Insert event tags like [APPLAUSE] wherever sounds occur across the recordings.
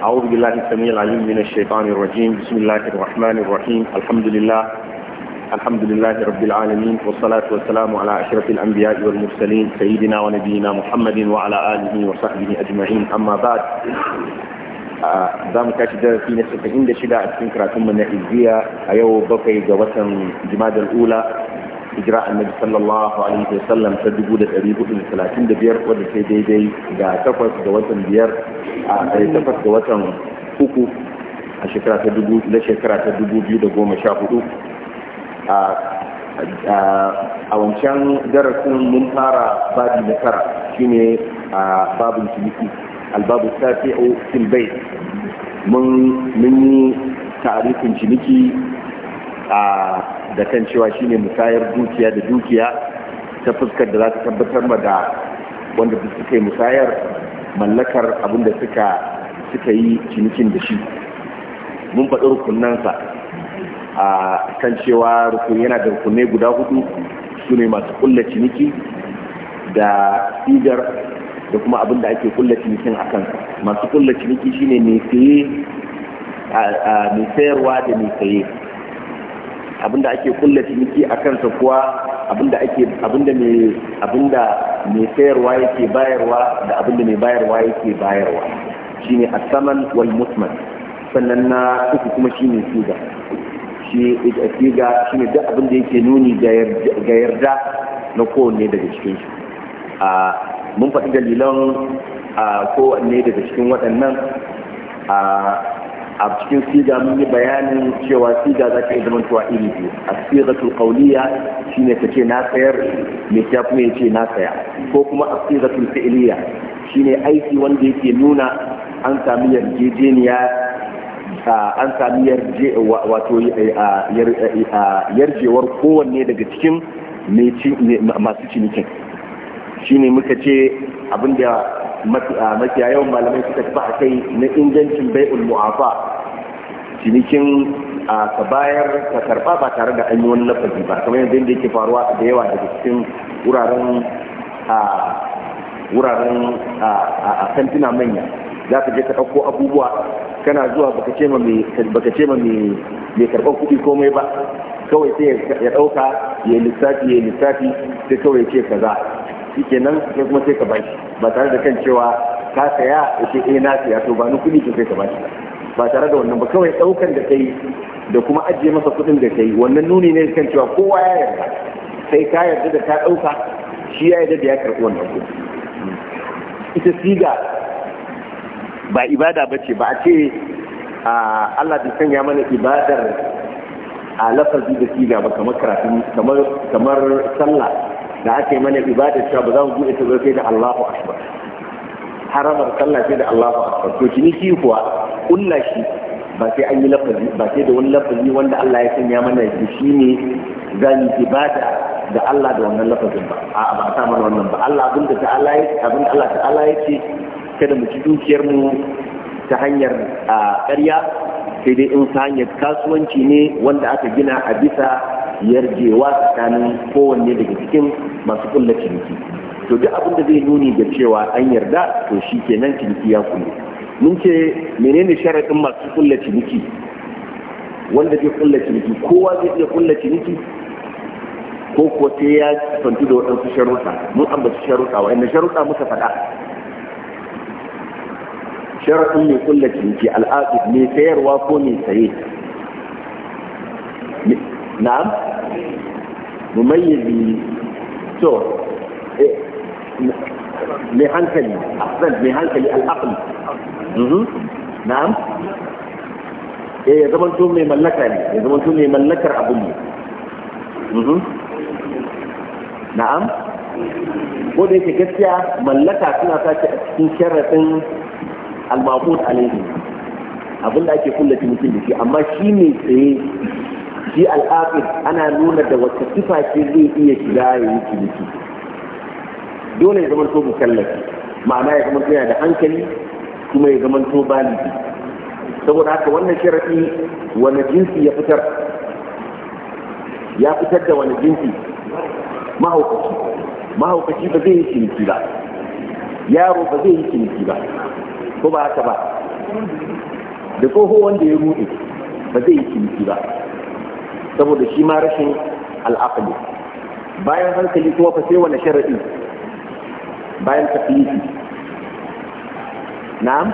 أعوذ بالله السميع العليم من الشيطان الرجيم بسم الله الرحمن الرحيم الحمد لله الحمد لله رب العالمين والصلاة والسلام على أشرف الأنبياء والمرسلين سيدنا ونبينا محمد وعلى آله وصحبه أجمعين أما بعد za mu tashi darasi na 76 a cikin karatun mu na izziya a yau bakwai ga watan jimadar ula hijira annabi sallallahu alaihi wa sallam, ta 1435 wadda sai daidai ga takwas ga watan biyar a eh, takwas ga watan uku a shekara ta dubu na shekara ta 2014 a a wancan darasin mun fara babi na tara shine a babin ciniki albabu tafi'u fil bayt mun mun yi tarifin ciniki a da kan cewa shi ne musayar dukiya da dukiya ta fuskar da za ta tabbatar ma da wanda suka yi musayar mallakar abin da suka yi cinikin da shi mun faɗi rukunansa a kan cewa rukun yana da rukunai guda hudu su ne masu kulla ciniki da sigar da kuma abin da ake kulla cinikin a kan. masu kulla ciniki shine mai tsaye, mai sayarwa da mai saye abinda ake kulla ciniki a kansa kuwa abinda ake abinda mai abinda mai sayarwa yake bayarwa da abinda mai bayarwa yake bayarwa shine a saman wal musman sannan na uku kuma shine siga shi siga shine duk abinda yake nuni ga yarda na kowanne daga cikin shi a mun faɗi dalilan a kowanne daga cikin waɗannan a a cikin siga mun yi bayanin cewa siga za ta iya tuwa iri biyu a sigatul shi shine ta ce na sayar mai ta kuma ya ce na saya ko kuma a sigatul shi shine aiki wanda yake nuna an sami yarjejeniya an sami yarjewar kowanne daga cikin masu cinikin ne muka ce abinda mafiya yawan malamai suka tafi a kai na ingancin bai'ul mu'afa cinikin a ka bayar ka karba ba tare da an yi wani lafazi ba kamar yanzu da yake faruwa da yawa daga cikin wuraren a wuraren a kantina manya za ka je ka ɗauko abubuwa kana zuwa baka ce ma mai karɓar kuɗi komai ba kawai sai ya ɗauka ya lissafi ya lissafi sai kawai ce kaza nan sai kuma sai ka bashi ba tare da kan cewa ka saya ya ce eh na saya to ba ni kuɗi ke sai ka bashi ba tare da wannan ba kawai ɗaukan da kai da kuma ajiye masa kuɗin da kai wannan nuni ne kan cewa kowa ya yarda sai ka yarda da ka ɗauka shi ya yarda da ya karɓi wannan kuɗi ita siga ba ibada ba ce ba a ce Allah bai sanya mana ibadar a lafazi da siga ba kamar karatun kamar sallah da ake mana ibadar cewa ba za mu buɗe ta sai da Allahu akbar haramar sallah sai da Allahu akbar to ciniki kuwa kulla shi ba sai an yi lafazi ba sai da wani lafazi wanda Allah ya sanya mana shi shine zan ibada da Allah da wannan lafazin ba a ba ta mana wannan ba Allah abin da ta'ala ya abin Allah ta'ala ya ce kada mu ci dukiyar mu ta hanyar ƙarya sai dai in ta hanyar kasuwanci ne wanda aka gina a bisa yarjewa tsakanin kowanne daga cikin masu kulla ciniki to duk abin da zai nuni ga cewa an yarda to shi kenan ciniki ya kulle mun ce menene sharaɗin masu kulla ciniki wanda zai kulla ciniki kowa zai iya kulla ciniki ko ko sai ya fanti da waɗansu sharuɗa mun ambaci sharuɗa inda sharuɗa muka faɗa sharaɗin mai kulla ciniki al'aqid mai sayarwa ko mai saye na'am mumayyizi to eh, mai hankali ahsan mai hankali al'aqli mhm. na'am eh ya zama to mai mallaka ne ya zama to mai mallakar abun ne mhm. na'am ko da yake gaskiya mallaka suna sace a cikin sharaɗin al-maqut alaihi abin da ake kullace mutum da shi amma shi ne tsaye shi al'afir ana nuna da wata sifa ce zai iya shiga ya yi ciniki dole ya zama to mukallafi ma'ana ya zama to yana da hankali kuma ya zama to baligi saboda haka wannan sharafi wani jinsi ya fitar ya fitar da wani jinsi mahaukaci mahaukaci ba zai yi ciniki ba yaro ba zai yi ciniki ba ko ba haka ba da tsoho wanda ya rude ba zai yi ciniki ba saboda shi ma rashin al'aqli bayan hankali kuma fa sai wani sharadi bayan taklifi na'am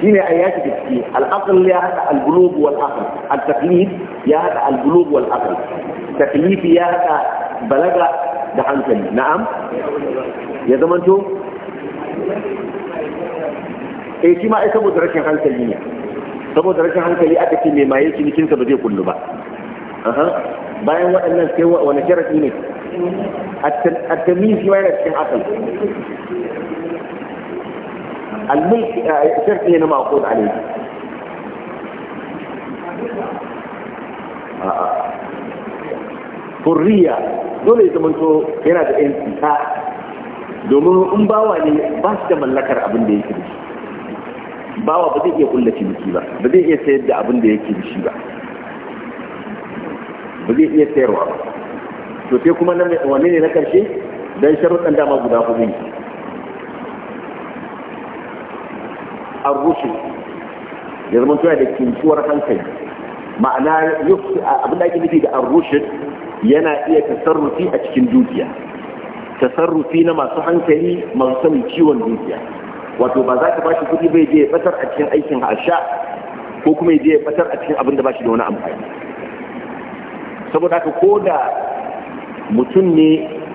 shi shine ayati da ciki al'aql ya hada al-qulub wal aql al-taklif ya hada al-qulub wal aql taklif ya hada balaga da hankali na'am ya zamanto eh shi ma ai saboda rashin hankali ne saboda rashin hankali aka ce mai maye cinikinsa ba zai kullu ba bayan waɗannan sai wani sharafi ne a التمييز فيما يرى في عقل ne na mako da alaiki furriya dole ya zamanto yana da 'yan domin in bawa ne ba su da mallakar abin da yake da shi bawa ba zai iya kulla ciniki ba ba zai iya sayar da abin da yake da shi ba ba zai iya sayarwa ba to sai kuma wane ne na karshe don sharuɗan dama guda hudu ne an rushe ya zama tuna da kintuwar hankali ma'ana abin da ake nufi da an rushe yana iya tasarrufi a cikin dukiya tasarrufi na masu hankali masu sami ciwon dukiya wato ba za ka ba shi kuɗi bai je ya fatar a cikin aikin hasha ko kuma ya je ya fatar a cikin abin da ba shi da wani amfani saboda haka ko da mutum ne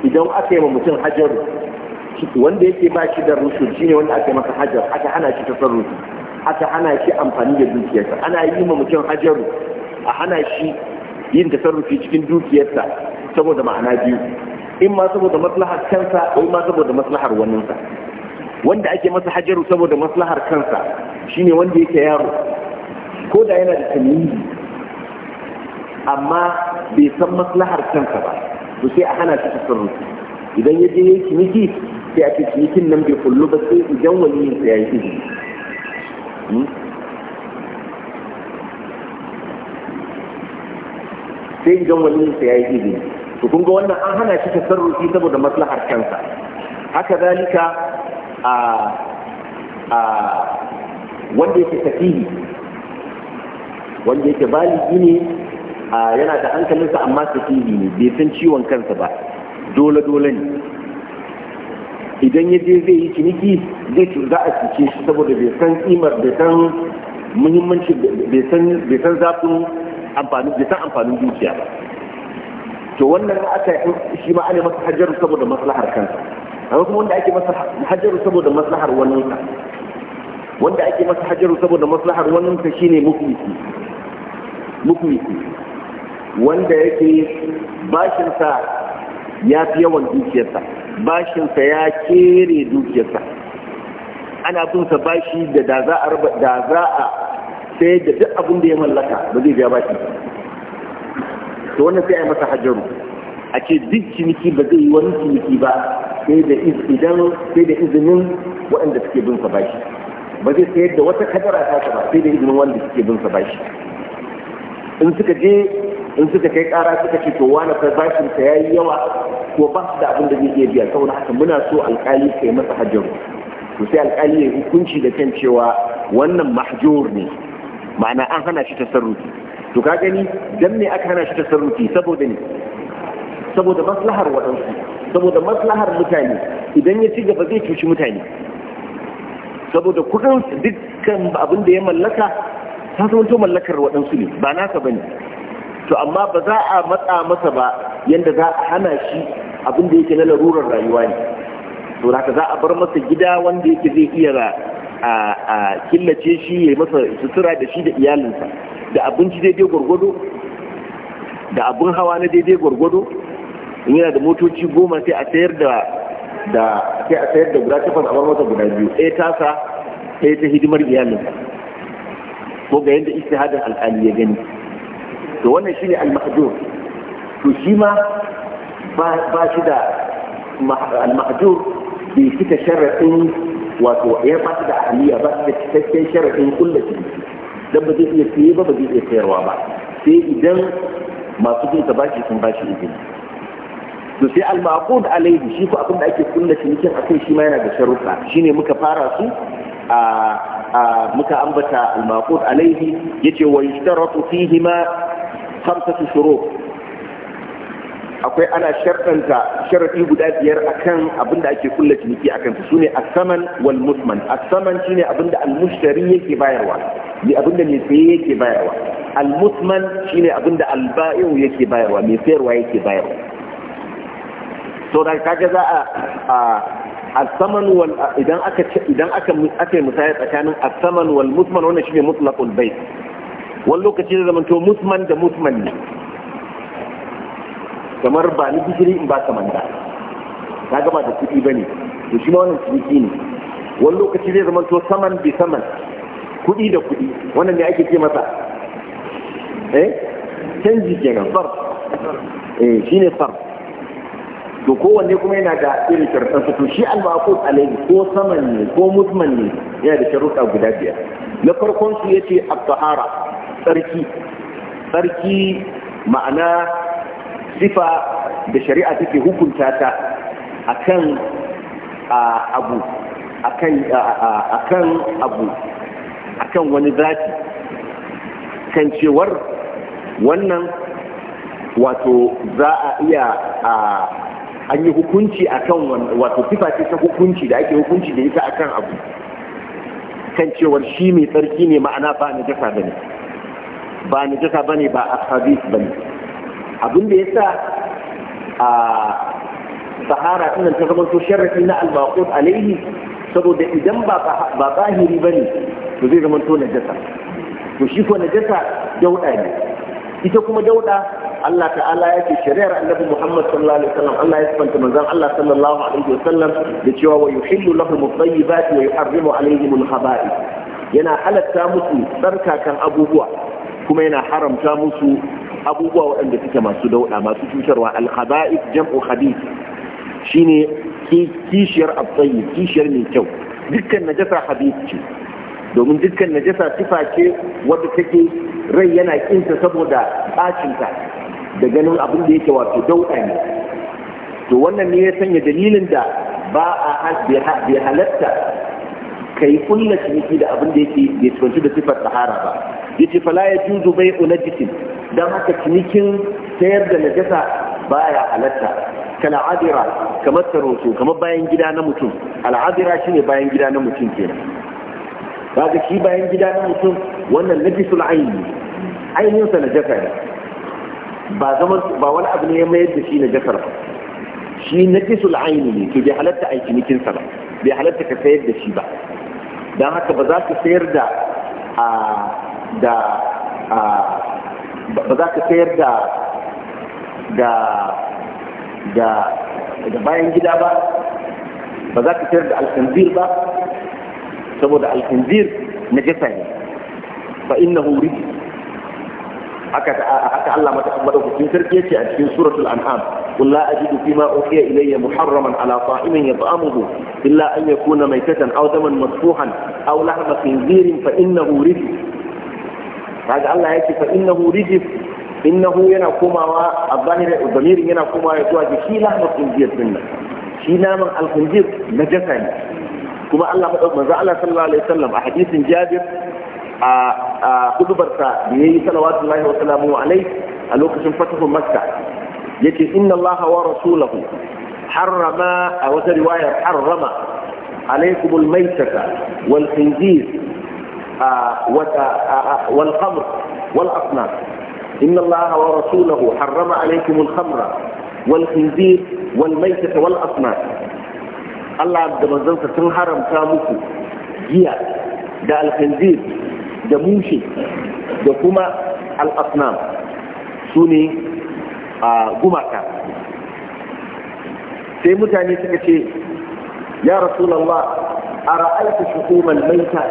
idan aka yi wa mutum hajar wanda yake ba shi da rushud ne wanda aka yi masa hajar aka hana shi tasarrufi aka hana shi amfani da dukiyarsa ana yi ma mutum hajaru a hana shi yin tasarrufi cikin dukiyarsa saboda ma'ana biyu in ma saboda maslahar kansa ko in ma saboda maslahar waninsa wanda ake masa hajjaru saboda maslahar kansa shine wanda yake yaro ko da yana da tamyizi amma bai san maslahar kansa ba to sai a hana shi tasarrufi idan ya je yayi ciniki sai a ce cinikin nan bai kullu ba sai idan waliyin sa yayi izini hmm? sai idan waliyin sa yayi izini to kun ga wannan an hana shi tasarrufi saboda maslahar kansa haka zalika a wanda yake tafihi wanda yake baligi ne yana da hankalinsa amma tafihi ne bai san ciwon kansa ba dole dole ne idan ya je zai yi ciniki zai za a cike shi saboda bai san imar bai san muhimmanci bai san zafin amfani, bai san amfanin dukiya ba to wannan aka shi ma ana masa hajjar saboda maslahar kansa akwai kuma wanda ake masa hajaru saboda maslahar ka wanda ake masa hajaru saboda maslahar ka shine mukmisi mukmisi wanda yake bashinsa ya fi yawan dukiyarsa bashinsa ya kere dukiyarsa ana bin sa bashi da da za a raba, da za a sai da duk abin da ya mallaka ba zai biya bashi to wannan sai a yi masa hajaru a ce duk ciniki ba zai yi wani ciniki ba sai da idan sai da izinin waɗanda suke bin sa bashi ba zai sayar da wata a tasa ba sai da izinin wanda suke bin sa bashi in suka je in suka kai ƙara suka ce to wani fa bashin sa yayi yawa ko ba su da abin da zai iya biya saboda haka muna so alkali kai masa hajjar to sai alƙali ya hukunci da kan cewa wannan mahjur ne ma'ana an hana shi tasarrufi to ka gani dan me aka hana shi tasarrufi saboda ne saboda maslahar waɗansu saboda maslahar mutane idan ya ci gaba zai cuci mutane saboda kudin dukkan abin da ya mallaka ta zama mallakar waɗansu ne ba nasa bane to amma ba za a matsa masa ba yanda za a hana shi abin da yake na larurar rayuwa ne to haka za a bar masa gida wanda yake zai iya a killace shi ya masa sutura da shi da iyalinsa da abinci daidai gwargwado da abin hawa na daidai gwargwado in yana da motoci goma sai a sayar da da sai a sayar da guda a masa guda biyu ɗaya tasa ɗaya ta hidimar iyalinsa ko ga yadda istihadin al'ali ya gani to wannan shine al-mahdur to shi ma ba shi da al-mahdur bai fita sharaɗin wato ya ba shi da aliyya ba shi da cikakken sharaɗin kulla shi dan ba zai iya siye ba ba zai iya sayarwa ba sai idan masu bin ba bashi sun bashi izini to sai al-maqud alayhi shi ko abin da ake kulla cinikin akai shi ma yana da sharuɗa shine muka fara su a muka ambata al-maqud alayhi yace wa yushtaratu fihi ma khamsatu shurut akwai ana shartanta sharafi guda biyar akan abin da ake kulla ciniki akan su sune as-saman wal musman as-saman shine abin da al-mushtari yake bayarwa bi abin da mai saye yake bayarwa al-musman shine abin da al-ba'i'u yake bayarwa mai sayarwa yake bayarwa to da kaga za a الثمن وال اذا اكا اذا اكا اكا مسايا تكانن الثمن والمثمن wannan shine mutlaqul bayt wani lokaci da to musman da musman ne kamar ba ni gishiri in ba saman da ka gaba da kuɗi ba ne to shi ma wannan ciniki ne wani lokaci zai to saman bi saman kuɗi da kuɗi wannan ne ake ce masa eh canji kenan far eh shine far to kowanne kuma yana da irin sharuɗan to shi al-maqut alayhi ko saman ne ko mutman ne yana da sharuɗa guda biyar na farkon su yace at-tahara tsarki tsarki ma'ana sifa da shari'a take hukunta ta akan abu akan akan abu akan wani zaki kan cewar wannan wato za a iya an yi hukunci a kan wato sifa ce ta hukunci da ake hukunci da ita a kan abu kan cewar shi mai tsarki ne ma'ana ba na jasa ne. ba na jasa ne ba ba ne. abin da sa a sahara tunan ta zama to na al alaihi saboda idan ba ba ne, to zai zama to najasa to shi ko najasa dauɗa ne ita kuma dauɗa. Allah ta'ala ya ce shari'ar annabi Muhammad sallallahu alaihi wasallam Allah ya sifanta manzon Allah sallallahu alaihi wasallam da cewa wa yuhillu lahum at-tayyibati wa yuharrimu alaihim al-khaba'ith yana halatta musu tsarkakan abubuwa kuma yana haramta musu abubuwa waɗanda suke masu dauɗa masu cutarwa al-khaba'ith jam'u khabith shine kishiyar at-tayyib kishiyar mai kyau dukkan najasa khabith ce domin dukkan najasa sifa ce wadda take rai yana kinta saboda bacinta da ganin abin da yake wato dauɗa ne to wannan ne ya sanya dalilin da ba a bai halatta kai kulla ciniki da abin da yake bai tsanci da sifar sahara ba yace fala ya juzu una najisin dan haka cinikin sayar da najasa baya halatta Kana adira kamar taroto kamar bayan gida na mutum al'adira ne bayan gida na mutum kenan kaga shi bayan gida na mutum wannan najisul aini ainihin na najasa ne ba zaman ba wani abu ne ya mayar da shi na jasar ba shi na kisul aini ne to bai halatta a cinikinsa ba bai halatta ka sayar da shi ba don haka ba za ka sayar da da ba za ka sayar da da da da bayan gida ba ba za ka sayar da alkanzir ba saboda alkanzir na jasa ne fa innahu rijis Allah haka haka Allah madaukakin sarki yace a cikin suratul an'am qul la ajidu fima uhiya ilayya muharraman ala ta'imin yat'amuhu illa an yakuna maytatan aw daman masfuhan aw lahma khinzirin fa innahu rijis kaga Allah yace fa innahu rijis innahu yana komawa a zahirin zamirin yana komawa ya zuwa ga shi lahma khinzir din nan shi naman al-khinzir najasa ne kuma Allah madaukakin manzo Allah sallallahu alaihi wasallam a hadisin Jabir a kudubarsa da ya yi salawatu lahi wa salamu alai a lokacin fatahun makka ya ce inna allaha wa rasulahu harrama a wata riwayar harrama alaikumul maitata wal khinzir wal khamr wal asnaf inna allaha wa rasulahu harrama alaikumul khamra wal khinzir wal maitata wal asnaf Allah da manzansa sun haramta muku giya da alkhinzir da mushe da kuma al'asnam su ne a gumaka sai mutane suka ce ya rasulallah a ra'aita shukuman maita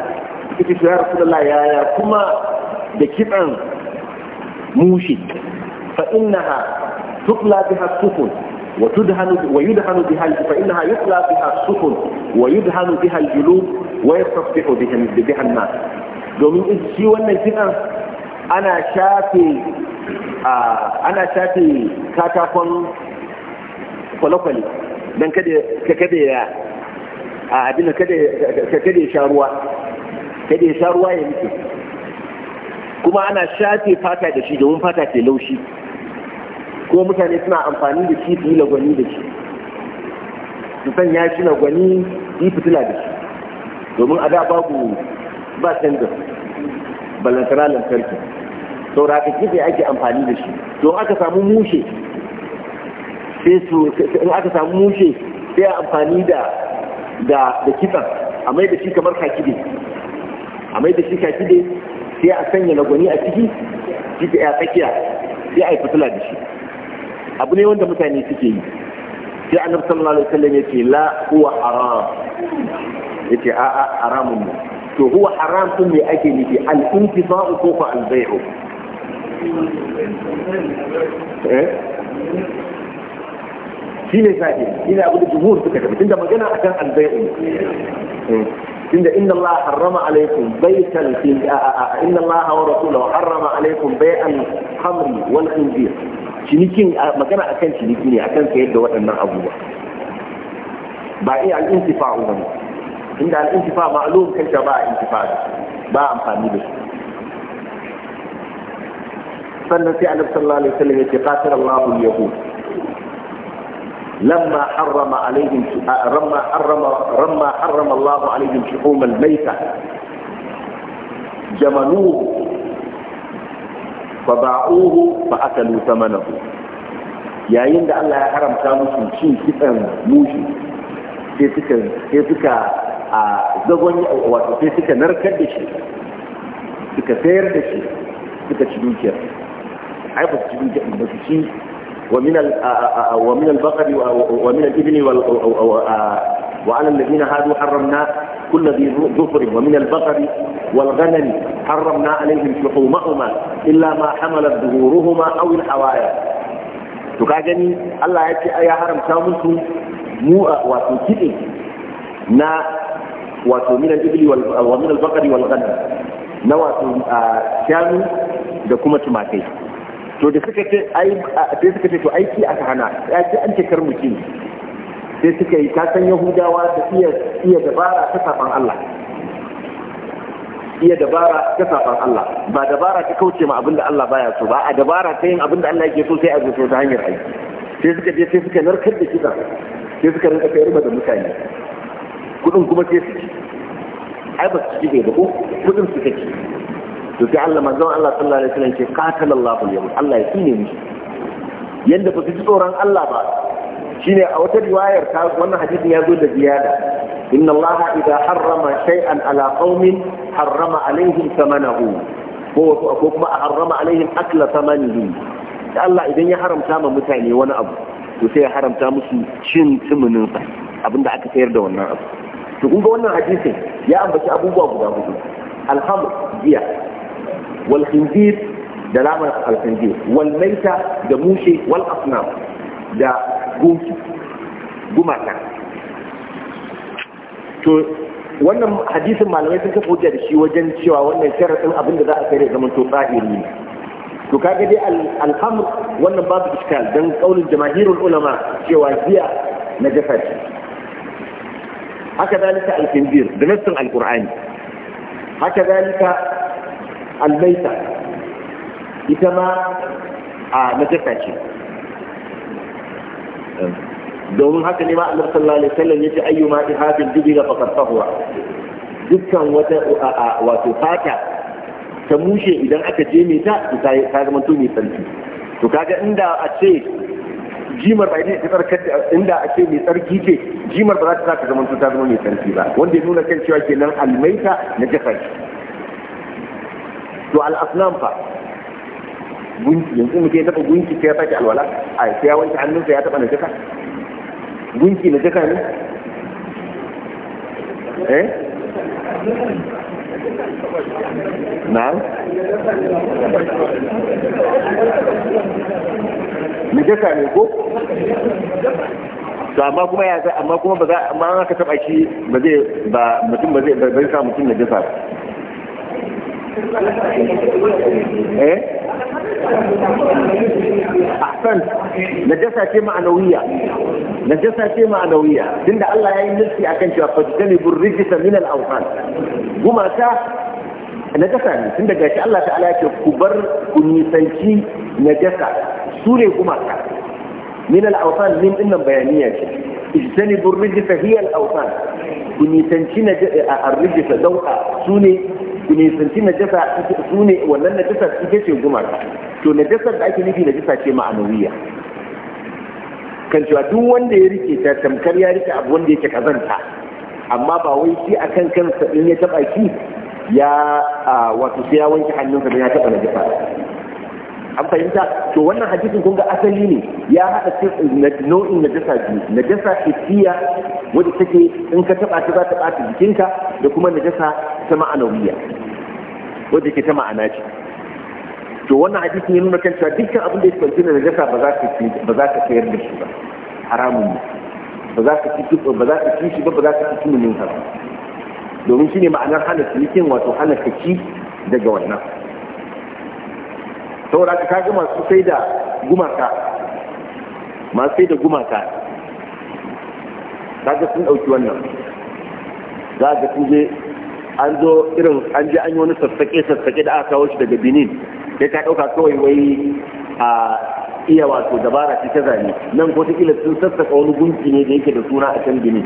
suka ce ya rasulallah yaya kuma da kitsan mushi fa innaha tukla biha sukun wa tudhanu wa yudhanu biha fa innaha yukla biha sukun wa yudhanu biha al-julub wa yastasbihu biha biha an-nas domin shi wannan kiɗan ana shafe ana shafe katakon kwale-kwale don kada ya abin kada ya sha ruwa kada ya sha ruwa ya nufi kuma ana shafe fata da shi domin fata ke laushi ko mutane suna amfani da shi su yi lagwani da shi su sanya shi lagwani yi fitila da shi domin a da babu ba tandar balantana lantarki sauraka bai ake amfani da shi To aka samu mushe sai su in aka samu mushe sai a amfani da da da kitsan a mai da shi kamar kakide a mai da shi kakide sai a sanya lagwani a ciki ciki ya tsakiya sai a yi fitila da shi abu ne wanda mutane suke yi sai annabi sallallahu alaihi wasallam yace la huwa haram yace a a haramun ne شو هو حرام ثم لاجله الانتفاء سوف البيع إيه؟ في مثال هنا اقول الجمهور كتب عندما جنى كان البيع ان الله حرم عليكم بيتا في ان الله ورسوله حرم عليكم بيع الخمر والخنزير شنيكين ما كان اكن شنيكين اكن كيد ودن ابوها باقي الانتفاع منه عند الانتفاع معلوم كيف باع انتفاع باع مقامي به فالنسي صلى الله عليه وسلم يتقاتل الله اليهود لما حرم عليهم رما آه، حرم رما حرم الله عليهم شحوم الميتة جملوه فباعوه فأكلوا ثمنه يا عند الله حرم كانوا شين شين كتن موشي كيف كان a zagon wato sai suka narkar da shi suka sayar da shi suka ci dukiyar ai ba su ci dukiyar ba su ci wa min al wa min al baqari wa min al ibni wal wa ala alladhina hadu harramna كل ذي ظفر ومن البقر والغنم حرمنا عليهم شحومهما إلا ما حملت ظهورهما أو الحوايا تكاجني الله يأتي أي حرم كامل مو واتو كده na wato min al-ibli wa min al-baqari wal ghanam na wato shanu da kuma tumakai to da suka ce ai sai suka ce to aiki aka hana ya ce an ce kar mutum sai suka yi kasan yahudawa da iya iya dabara ta saban Allah iya dabara ta saban Allah ba dabara ta kauce ma abinda Allah baya so ba a dabara ta yin abinda Allah yake so sai a zo ta hanyar aiki sai suka je sai suka narkar da kitan sai suka rinka kai riba da mutane kudin kuma sai su ci ai ba su ci ba ko kudin su ci to sai Allah manzon Allah sallallahu alaihi wasallam ce qatala Allahu al-yawm Allah ya kine mu yanda ba su ji tsoron Allah ba shine a wata riwayar ta wannan hadisin ya zo da ziyada inna Allah idza harrama shay'an ala qaumin harrama alaihim thamanahu ko ko kuma a harrama alaihim akla thamanihi Allah idan ya haramta ma mutane wani abu to sai ya haramta musu cin tumunin sa abinda aka sayar da wannan abu to kun ga wannan hadisin ya ambaci abubuwa guda hudu alhamu giya wal khinzir da lamar al khinzir wal maita da mushe wal asnam da gunki gumaka to wannan hadisin malamai sun kafa hujja da shi wajen cewa wannan sharadin abin da za a kai zaman to tsahiri ne to kaga dai alhamd wannan babu iskal dan kaulin jamahirul ulama cewa giya na jasa haka zalika al-khinzir da nassin al-qur'ani haka zalika al-maita ita ma a najasa ce domin haka ne ma Allah sallallahu alaihi wasallam yace ayyuma ihadin dubila faqad tahura dukkan wata wato fata ta mushe idan aka je mai ta ta zama to mai sarki to kaga inda a ce jimar ba ita tsarkar da inda ake mai tsarki ce jimar ba za ta ta zama ta zama mai tsarki ba wanda ya nuna kan cewa kenan almaita na jasa to al'asnam fa gunki yanzu mutum ya taɓa gunki sai ya sake alwala a sai ya wanke hannunsa ya taɓa na jasa gunki na jasa ne eh na'am najasa ne ko to amma kuma ya amma kuma ba za amma an aka taba shi ba zai ba mutum ba zai ba zai sa mutum ya jasa. eh ahsan najasa ce ma'anawiya najasa ce ma'anawiya tunda Allah ya yi nufi akan cewa fajtanibur rijsa min al-awsan gumata najasa ne tunda gashi Allah ta'ala ya ce ku bar ku nisanci najasa su ne gumata min al-awsan min dinnan bayaniya ce ijtanibur rijsa hiya al ku nisanci najasa su ne wannan najasa ke ce gumaka to najasar da ake nufi jasa ce ma'anawiya kan cewa duk wanda ya rike ta tamkar ya rike abu wanda yake kazanta amma ba wai shi a kan kansa in ya taba shi, ya wato sai ya wanke hannunsa da ya taba najasa an fahimta to wannan hadisin kun ga asali ne ya haɗa nau'in najasa biyu najasa hissiya wadda take in ka taɓa ta za ta ɓata jikinka da kuma najasa ta ma'anawiya wadda ke ta ma'ana ce to wannan hadisin ya nuna kan cewa dukkan abin da ya kwanci na najasa ba za ka sayar da shi ba haramun ne ba za ka ci ba za ka ci shi ba ba za ka ci munin haram domin shine ma'anar hana cinikin wato hana ci daga wannan saboda aka kaga masu sai da gumaka masu sai da gumaka kaga sun ɗauki wannan za ga sun je an zo irin an je an yi wani sassaƙe sassaƙe da aka kawo shi daga benin sai ka ɗauka kawai wai a iya wato dabara ce ta zane nan ko kila sun sassaƙa wani gunki ne da yake da suna a can benin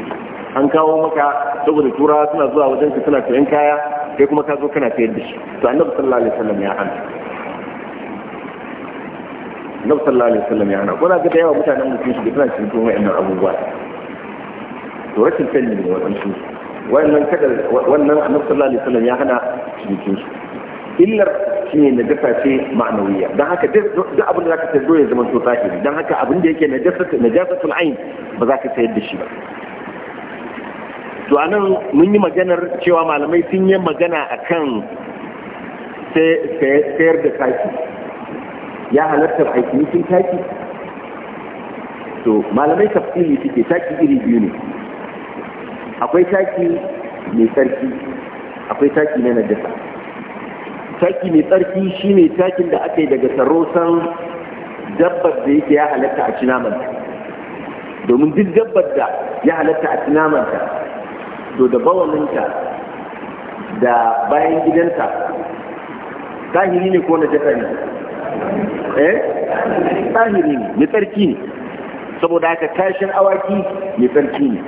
an kawo maka saboda turawa suna zuwa wajen ka suna sayan kaya kai kuma ka zo kana sayar da shi to annabi sallallahu alaihi wasallam ya hana na sallallahu alaihi wasallam ya hana kuna ga da yawa mutanen mutum shi suna cikin kuma wa'annan abubuwa to rashin sani ne su? wannan kada wannan annabi sallallahu alaihi wasallam ya hana cikin su illar shi ne najasa ce ma'anawiya don haka duk abin da zaka sayar dole ya zama to zahiri don haka abin da yake najasatul ain ba za ka sayar da shi ba to anan mun yi maganar cewa malamai sun yi magana akan sayar da kaki ya halarta a cinikin taki to malamai tafsiri suke taki iri biyu ne akwai taki mai tsarki akwai taki na najasa taki mai tsarki shi ne takin da aka yi daga sarrosan dabbar da yake ya halatta a cinamanta domin duk dabbar da ya halatta a cinamanta to da bawalinta da bayan gidanta hiri ne ko na jasa ne eh ne mai tsarki ne saboda haka kashin awaki mai tsarki ne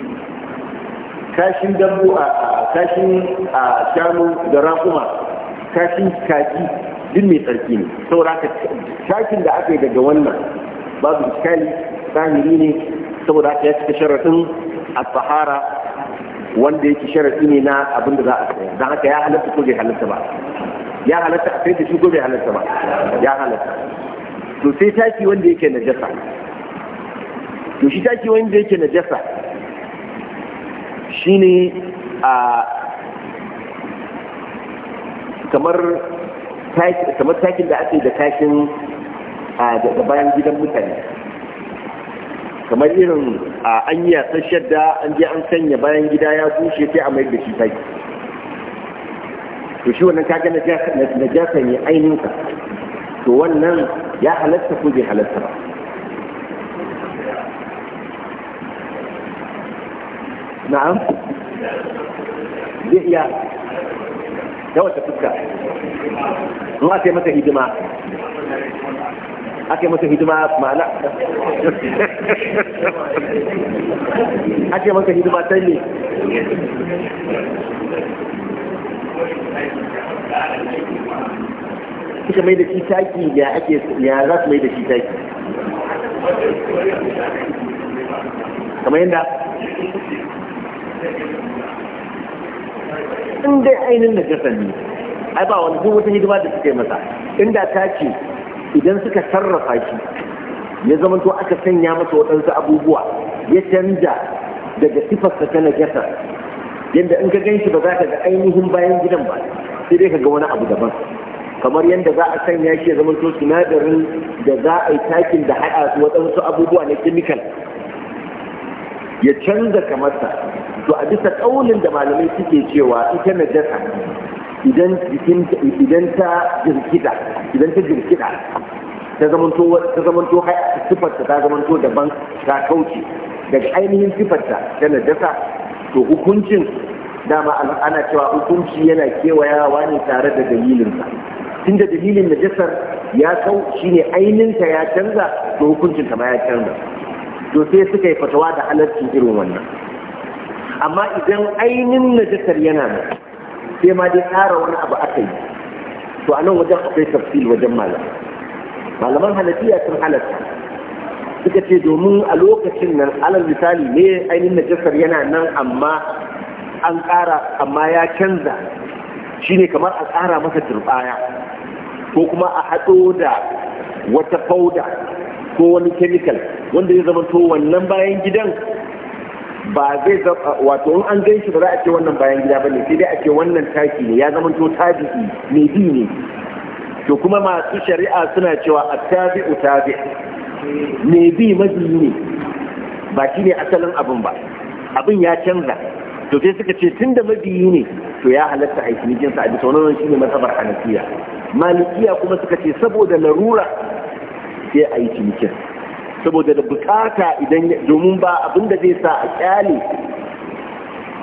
kashin dabbo a kashin a shanu da raƙuma kashin kaji duk mai tsarki ne saboda haka kashin da aka yi daga wannan babu iskali tsahiri ne saboda haka ya cika sharaɗin a sahara wanda yake sharaɗi ne na abin da za a sayar don haka ya halatta ko bai halatta ba ya halatta a kai da shi ko bai halatta ba ya halatta to sai taki wanda yake na jasa, to shi taki wanda yake shi ne a kamar kamar takin da ake da takin da bayan gidan mutane kamar irin a an yi yasasshen da an je an sanya bayan gida ya bushe sai a mai da shi taki to shi wannan kaga na jasa ne ainihin تولم يا حلت تفوجي حلت نعم دي يا دوا تفكا ما تي متى هيدما اكي متى هيدما ما لا اكي متى هيدما تاني Thank kika mai da shi taki ya ake ya za su mai da shi taki kamar yadda in dai ainihin najasa ne ai ba wani duk wata hidima da suke masa inda ta ce idan suka sarrafa shi ya zama to aka sanya masa waɗansu abubuwa ya canja daga sifarsa ta najasa yadda in ka gan shi ba za ka ga ainihin bayan gidan ba sai dai ka ga wani abu daban kamar yadda za a sanya shi ya zamanto sinadarin da za a yi takin da haɗa waɗansu abubuwa na kimikal ya canza kamarsa to a bisa ƙaunin da malamai suke cewa ita na jasa idan ta jirkita idan ta jirkita ta zamanto ta zamanto sifarta ta zamanto daban ta kauce daga ainihin sifarta ta najasa to hukuncin dama ana cewa hukunci yana kewayawa ne tare da dalilinsa Tun da dalilin da najasar ya kau shine ta ya canza da hukuncin ta ya canza to sai suka yi fatawa da halarcin irin wannan amma idan ainin najasar yana nan sai ma dai tsara wani abu aka yi to a nan wajen akwai tafsil wajen malam malaman hanafiya sun halarta suka ce domin a lokacin nan alal misali ne ainihin najasar yana nan amma an ƙara amma ya canza shine kamar a ƙara masa turbaya ko kuma a haɗo da wata fauda ko wani chemical wanda ya zama to wannan bayan gidan ba zai wato in an gan shi ba za a ce wannan bayan gida ba ne sai dai a ce wannan taki ne ya zama to tabi'i ne bi ne to kuma masu shari'a suna cewa a tabi'u tabi ne bi mabiyi ne ba shi ne asalin abin ba abin ya canza to sai suka ce tun da mabiyi ne to ya halatta aiki yi jinsa a bisa wani shi ne masabar hanafiya malikiya kuma suka ce saboda larura sai a yi cinikin saboda da bukata idan domin ba abin da zai sa a kyale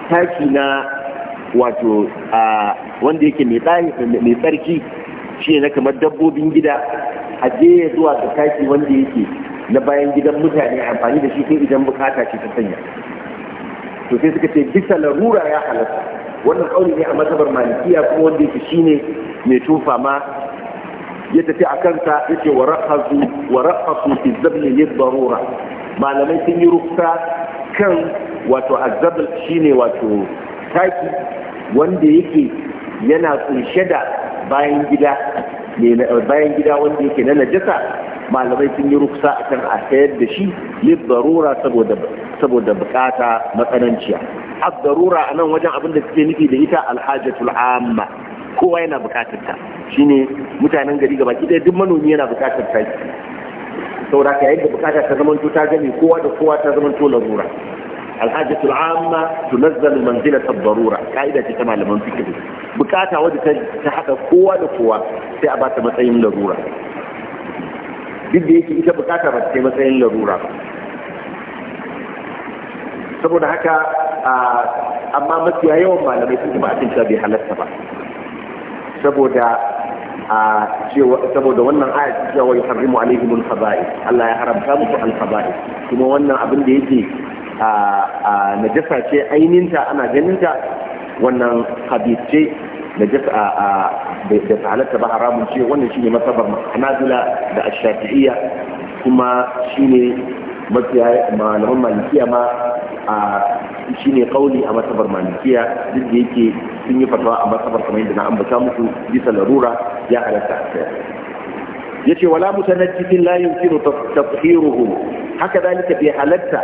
taki na wato a wanda yake mai tsarki shi ne na kamar dabbobin gida a je zuwa ga taki wanda yake na bayan gidan mutane amfani da shi sai idan bukata ce ta sanya to suka ce bisa larura ya halatta wannan kauli ne a mazhabar malikiya kuma wanda yake shine mai tufa ma ya tafi a kanta ya ce wa rahazu wa rahasu fi zabli yadbarura malamai sun yi rufsa kan wato azabal shine wato taki wanda yake yana kunshe da bayan gida bayan gida wanda yake na najasa malamai sun yi rufsa akan a sayar da shi lid darura saboda saboda bukata matsananciya ad-darura anan wajen abin da suke nufi da ita al-hajatul amma kowa yana bukatar ta shine mutanen gari gaba ki duk manomi yana bukatar ta saboda ka yadda bukata ta zamanto ta gani kowa da kowa ta zamanto larura الحاجة العامة تنزل منزلة الضرورة قاعدة تتمع لمن فكر بكاتا ودي تحقق قوة لقوة سيأبات matsayin larura. duk da yake ita bukata ba ta kai matsayin larura saboda haka amma mafiya yawan malamai sun ba a cin bai halatta ba saboda a cewa saboda wannan ayat cewa ya harimu alaihim al-faba'i Allah ya haramta musu al-faba'i kuma wannan abin da yake a a najasa ce ta ana ganinta wannan habib ce najasa a halatta ba haramun ce wannan shine masabar hanabila da ash-shafi'iyya kuma shine mafiya malaman malikiya ma a ne kauli a matsabar malikiya duk da yake sun yi fatawa a matsabar kamar yadda na ambata muku bisa larura ya halatta a sayar ce, wala layin la yumkinu tatahiruhu haka zalika bai halatta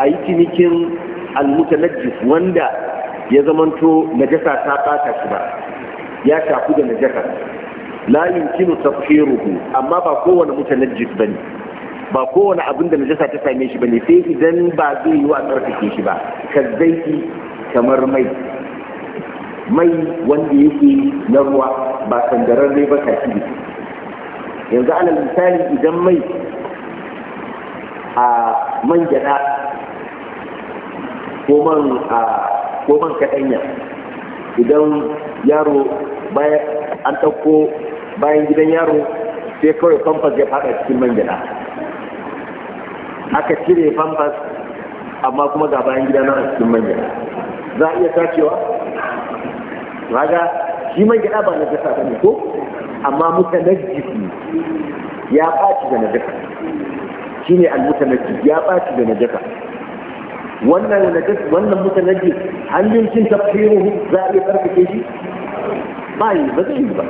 a yi cinikin almutanajjis wanda ya zamanto najasa ta ɓata shi ba ya shafi da najasa la yumkinu tatahiruhu amma ba kowane mutanajjis bane ba kowane abin da najasa ta same shi bane sai idan ba zai yi wa tsarkake shi ba ka kazzaiki kamar mai mai wanda yake na ruwa ba ne ba ne. yanzu alal misali idan mai a man gyada ko man ko man kaɗanya idan yaro bayan an ɗauko bayan gidan yaro sai kawai famfas ya faɗa cikin man gyada aka cire famfas amma kuma ga bayan gida na a cikin manya za a iya tacewa raga shi man gida ba na jasa ba ne ko amma jiki ya ɓaci da na jaka. shi ne jiki ya ɓaci da na jaka. wannan najis wannan mutanajjis hannun cin tafsiruhu za a iya tsarkake shi ba yi ba zai yi ba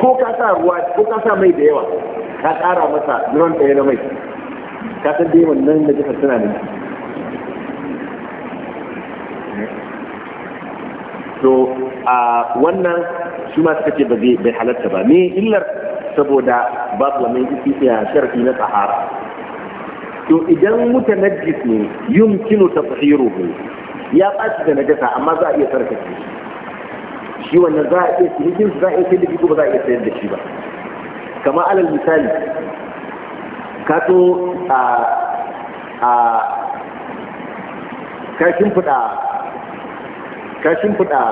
ko ka sa ruwa ko ka sa mai da yawa ka ƙara masa duron ɗaya na mai ka san dai wannan da jihar suna da to a wannan shi ma suka ce bai halatta ba me illar saboda babu wannan istiya eh, sharfi na tsahara to idan najis ne yumkinu tafhiruhu ya ɓaci da najasa amma za a iya sarkace shi shi wannan za a iya cinikin za a iya sayar da shi ko ba za a iya sayar da shi ba kama alal misali kato a a kashin fuda kashin fuda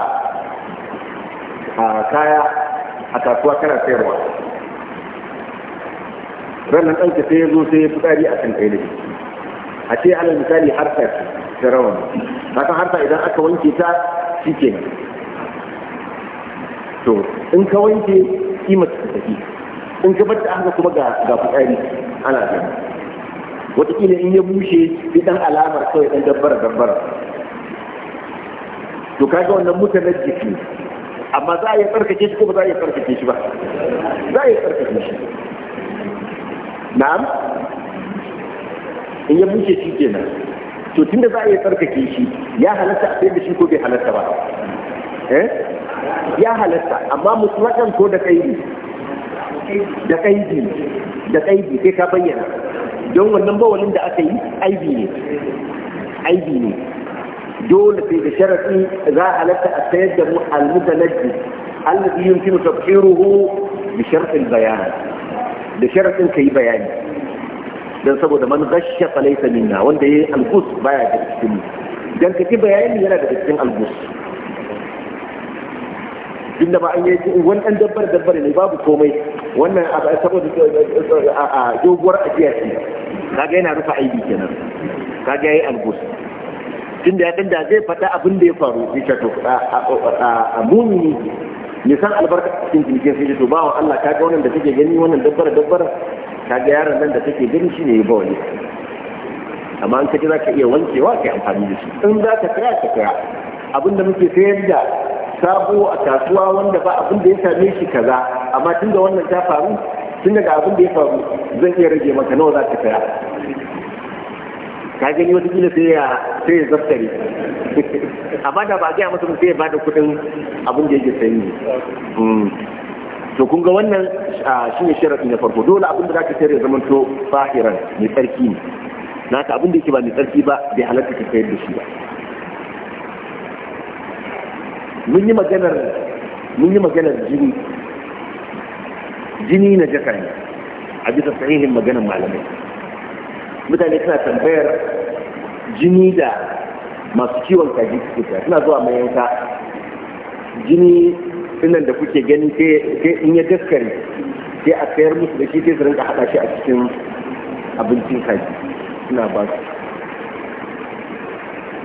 a kaya a kasuwa kana sayarwa rannan ɗanka sai ya zo sai ya fi tsari a kan ɗaya a ce alal misali harsa ce ta rawan kasan harsa idan aka wanke ta shi ke to in ka wanke kima ta tafi in ka bata haka kuma ga ga fitsari ana gani wataƙila in ya bushe ya dan alamar kawai dan dabbara dabbara to kaga wannan mutanen jiki amma za a iya tsarkake shi ko ba za a iya tsarkake shi ba za a iya tsarkake shi na'am in ya bushe shi kenan to tunda za a iya tsarkake shi ya halatta a da shi ko bai halatta ba eh ya halatta amma mutlaqan ko da kai da kaidi da kaidi sai ka bayyana don wannan bawalin da aka yi aibi ne aibi ne dole sai da sharafi za a halatta a sayar da mu almutanajji allazi yumkinu tafsiruhu bi shartil bayan da sharafin kai bayani dan saboda man ghashsha falaysa minna wanda yayi algus baya da cikin dan kaci bayani yana da cikin algus inda ba an yi wani dan dabbar dabbar ne babu komai wannan a saboda eh, eh, eh, a doguwar ajiya ce kaga yana rufa aibi kenan kaga yayi albus tun da yakin da zai faɗa abin da ya faru sai ta to a mumini ne san albarka cikin jirgin sai to bawa Allah kaga wannan da take gani wannan dabbar dabbar kaga yaron nan da take gani shine ya bawa ne amma an kaji za ka iya wankewa kai amfani da shi in za ka kira ka kira abinda muke sayar da sabo a kasuwa wanda ba abin da ya same shi kaza amma tun da wannan ta faru tun daga abin da ya faru zan iya rage maka nawa za ka saya ka gani wata kila sai ya sai ya zaftare [LAUGHS] amma da ba gaya masa sai ya bada kuɗin abin da yake sayi hmm. to kun ga wannan shi ne sharaɗi na farko dole abin da za ka sayar ya zama to fahiran mai tsarki ne naka abin da yake ba mai tsarki ba bai halatta ka sayar da shi ba mun yi maganar mun yi maganar jini jini na jaka a bisa sahihin maganar malamai mutane suna tambayar jini da masu kiwon kaji suke ta suna zuwa mai yanka jini sunan da kuke gani ke in ya daskare sai a kayar musu da shi sai su rinka haɗa shi a cikin abincin kaji suna ba su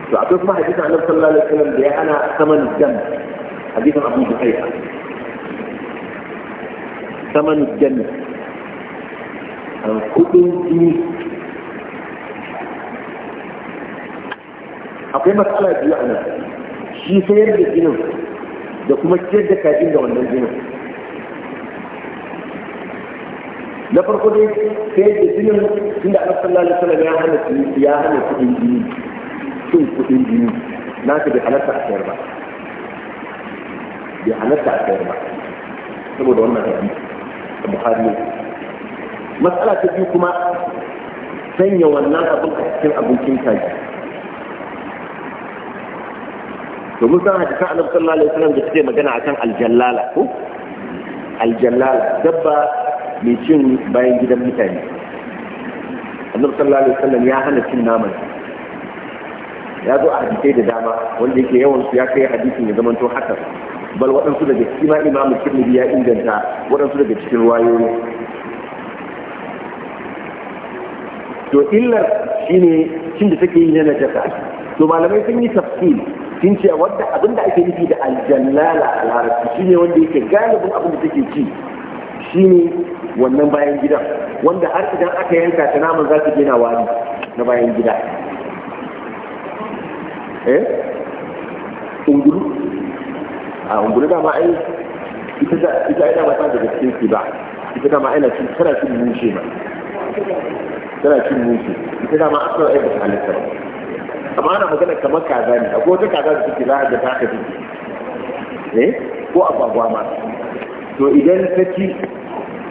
to akwai kuma hadisin annabi sallallahu alaihi wasallam da ya hana saman dam hadisin abu zuhaifa saman dam kudin jini akwai matsala biyu a nan shi sayar da jinin da kuma ciyar da kajin da wannan jinin na farko dai sayar da jinin tun da annabi sallallahu alaihi wasallam ya ya hana kudin jini cin kuɗin jini na ka bai halatta a sayar ba bai halatta a sayar ba saboda wannan hadisi a buhari ne. matsala ta biyu kuma sanya wannan abin a cikin abincin kaji domin san hadisa annabi sallallahu alaihi wasallam da suke magana akan aljallala ko aljallala dabba mai cin bayan gidan mutane annabi sallallahu alaihi wasallam ya hana cin naman ya zo a hadisai da dama wanda yake yawan su ya kai hadisin ya zamanto haka bal waɗansu daga cikin imamu kirmidi ya inganta waɗansu daga cikin wayoyi to illar shine cin da take yi na najasa to malamai sun yi tafsir sun ce wanda abin da ake nufi da aljallala a larabci shine wanda yake galibin abin da take ci shine wannan bayan gidan wanda har idan aka yanka ta naman za ta gina wani na bayan gida eh ungulu a ungulu da ai ita da ita ina ba ta daga cikin ki ba ita ma'ai na cikin tana cin mushe ma tana cikin mushe ita dama akwai ai ba halitta ba amma ana magana kamar kaza ne akwai wata kaza da suke za a ga ta haka eh ko agwagwa ma to idan ta ci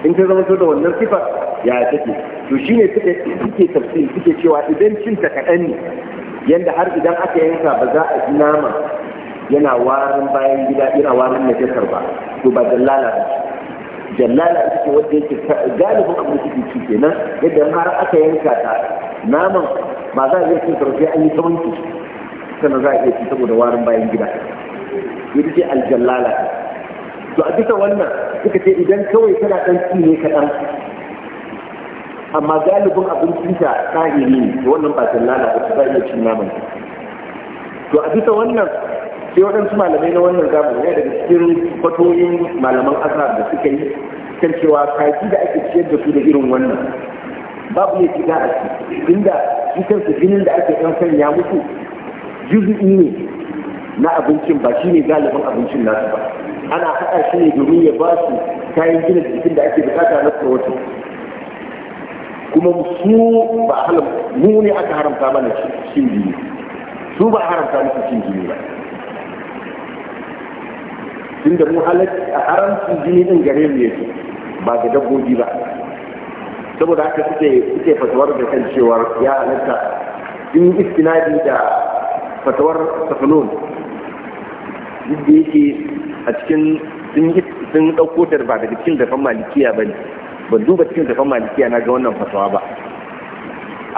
in ta zama da wannan sifar ya take to shine suke suke tafsir suke cewa idan cin ta kaɗan ne Yadda har idan aka yanka ba za a ji nama yana warin bayan gida yana warin najasar ba to ba jallala ba jallala ita ce wanda yake galibin abin ciki kenan yadda har aka yanka ta naman ba za a iya cin sai an yi tsawanci sannan za a iya ci saboda warin bayan gida ita ce aljallala to a bisa wannan suka ce idan kawai kana dan ci ne kaɗan amma galibin sa tahiri ne wannan ba ta lalata ba ta iya cin naman to a bisa wannan sai waɗansu malamai na wannan zamani ne daga cikin fatoyin malaman azhar da suka yi kan cewa kaji da ake ciyar da su da irin wannan babu ne ci a ciki inda shi su jinin da ake ɗan sanya musu juzu'i ne na abincin ba shi ne galibin abincin nasu ba ana haɗa shi ne domin ya ba su kayan gina jikin da ake bukata na protein kuma su ba halam mu ne aka haramta mana cin jini su ba haramta musu cin jini ba da mu halatta haramcin jini din gare mu yake ba ga dabbobi ba saboda haka suke suke fatawar da kan cewar ya halatta in istinadi da fatawar safanon duk da yake a cikin sun ɗauko da ba daga cikin dafan malikiya ba ne ban duba cikin tafan malikiya na ga wannan fatawa ba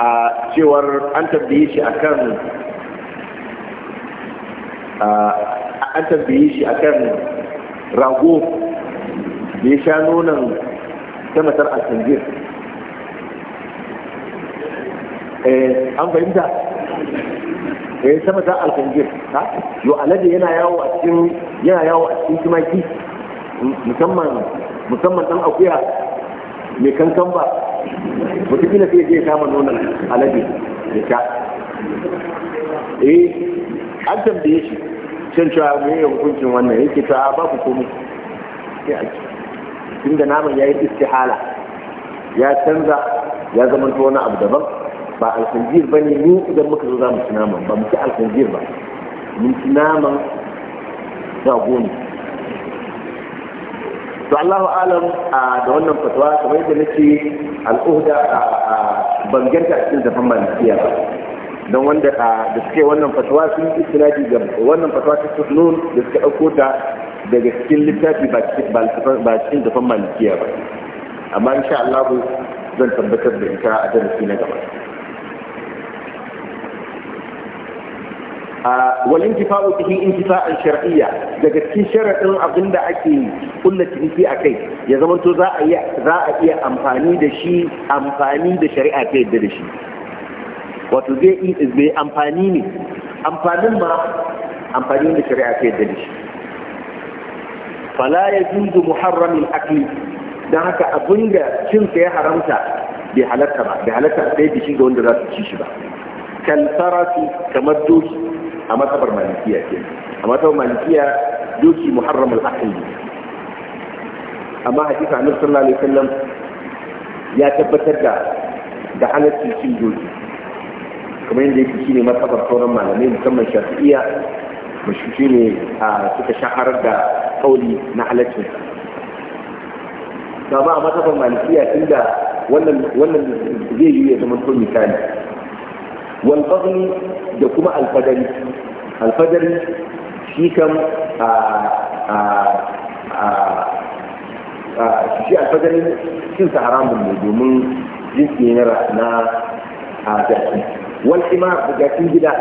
a cewar an tabbiye shi akan an tabbiye shi akan rago da ya sha nonon ta matar asangir eh, an fahimta da ya sama ta alfangir ha yo alade yana yawo a cikin yana yawo a cikin tumaki musamman musamman dan akuya mai kankan ba wataƙila sai ya kama nonon alabi ya ta. eh an tambaye shi can cewa mai ya hukuncin wannan yake ta ba ku komi sai a Tun da naman ya yi istihala ya canza ya zama wani abu daban ba alfanjir ba ne ni idan muka zo za mu ci naman ba mu ci alfanjir ba mun ci naman rago ne to Allahu alam da wannan fatawa kamar yadda nake al'uhda ban ganta a cikin zafin malikiya ba don wanda da suke wannan fatawa sun yi istinadi ga wannan fatawa ta sunun da suka ɗauko ta daga cikin littafi ba cikin zafin malikiya ba amma insha Allah zan tabbatar da ita a darasi na gaba walintifa'u bihi intifa'an shar'iyya daga cikin sharaɗin abinda ake kulla ciniki a kai ya zamanto za a iya amfani da shi amfani da shari'a ta yadda da shi wato zai amfani da shari'a ta yadda da shi fala ya juzu muharramin akli Dan haka abinda cinsa ya haramta bai halatta ba bai halatta ɗaya da shi ga wanda za su ci shi ba kalsarati kamar doki a matsabar malikiya ke a matsabar malikiya doki muharram al ne. amma a hadisi annabi sallallahu alaihi wasallam ya tabbatar da da halaccin cin doki kamar yadda yake ne matsabar sauran malamai musamman shafi'iyya mashuki ne suka shahar da kauli na halaccin sa ba a matsabar malikiya inda wannan zai yi ya zama to misali wal da kuma alfadari alfadari shi kam a shi alfadari cinsa haramun ne domin jinsi na a jaki wal ima da jakin gida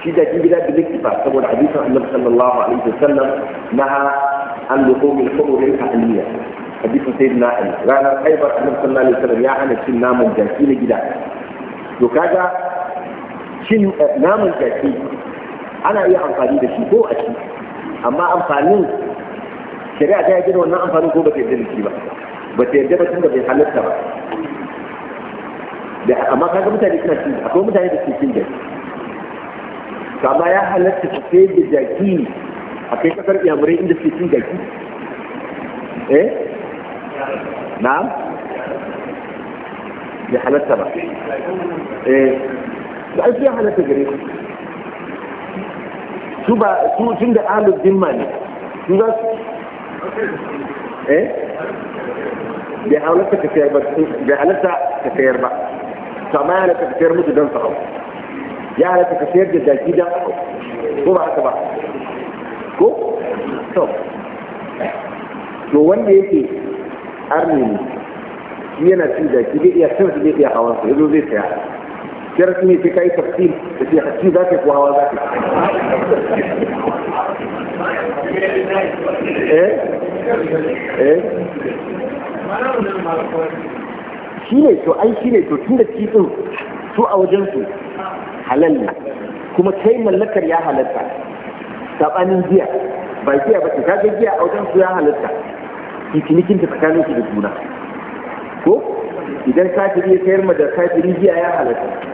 shi jakin gida da likifa saboda hadisin annabi sallallahu alaihi wasallam naha an lukumil khumurin ahliya hadisin sayyidina ali ranar haibar annabi sallallahu alaihi wasallam ya hana cin naman jaki na gida to kaga shin eh, namun jaki ana iya amfani da shi ko a ci amma amfanin shari'a ta yi wannan amfanin ko ba ta yarda da shi ba ba ta yarda ba tun da bai halitta ba da amma ga mutane suna cin akwai mutane da ke cin jaki kama ya halatta su sai da jaki a kai kasar iyamurai inda suke cin jaki eh na, ya halatta ba eh بعد فيها حالة تقريبا شو بقى شو جندا قالوا الدماني شو بس ايه بحالتها كثير بس بحالتها كثير بقى سماها لك كثير مش دمت خلص يا حالتها كثير جدا جدا هو بقى تبقى كو طب لو وين يجي ارمي يا نتيجه كده يا سيدي يا خواص يلو زيت sharfi ne sai ka yi tafsir da ke hakki za ka ko hawa za ka eh eh shi ne to ai shi ne to tun da kifin su a wajen su halal ne kuma kai mallakar ya halatta sabanin giya ba giya ba ta ga giya a wajen su ya halatta titinikin ta tsakanin su da juna ko idan kafiri ya sayar ma da kafiri giya ya halatta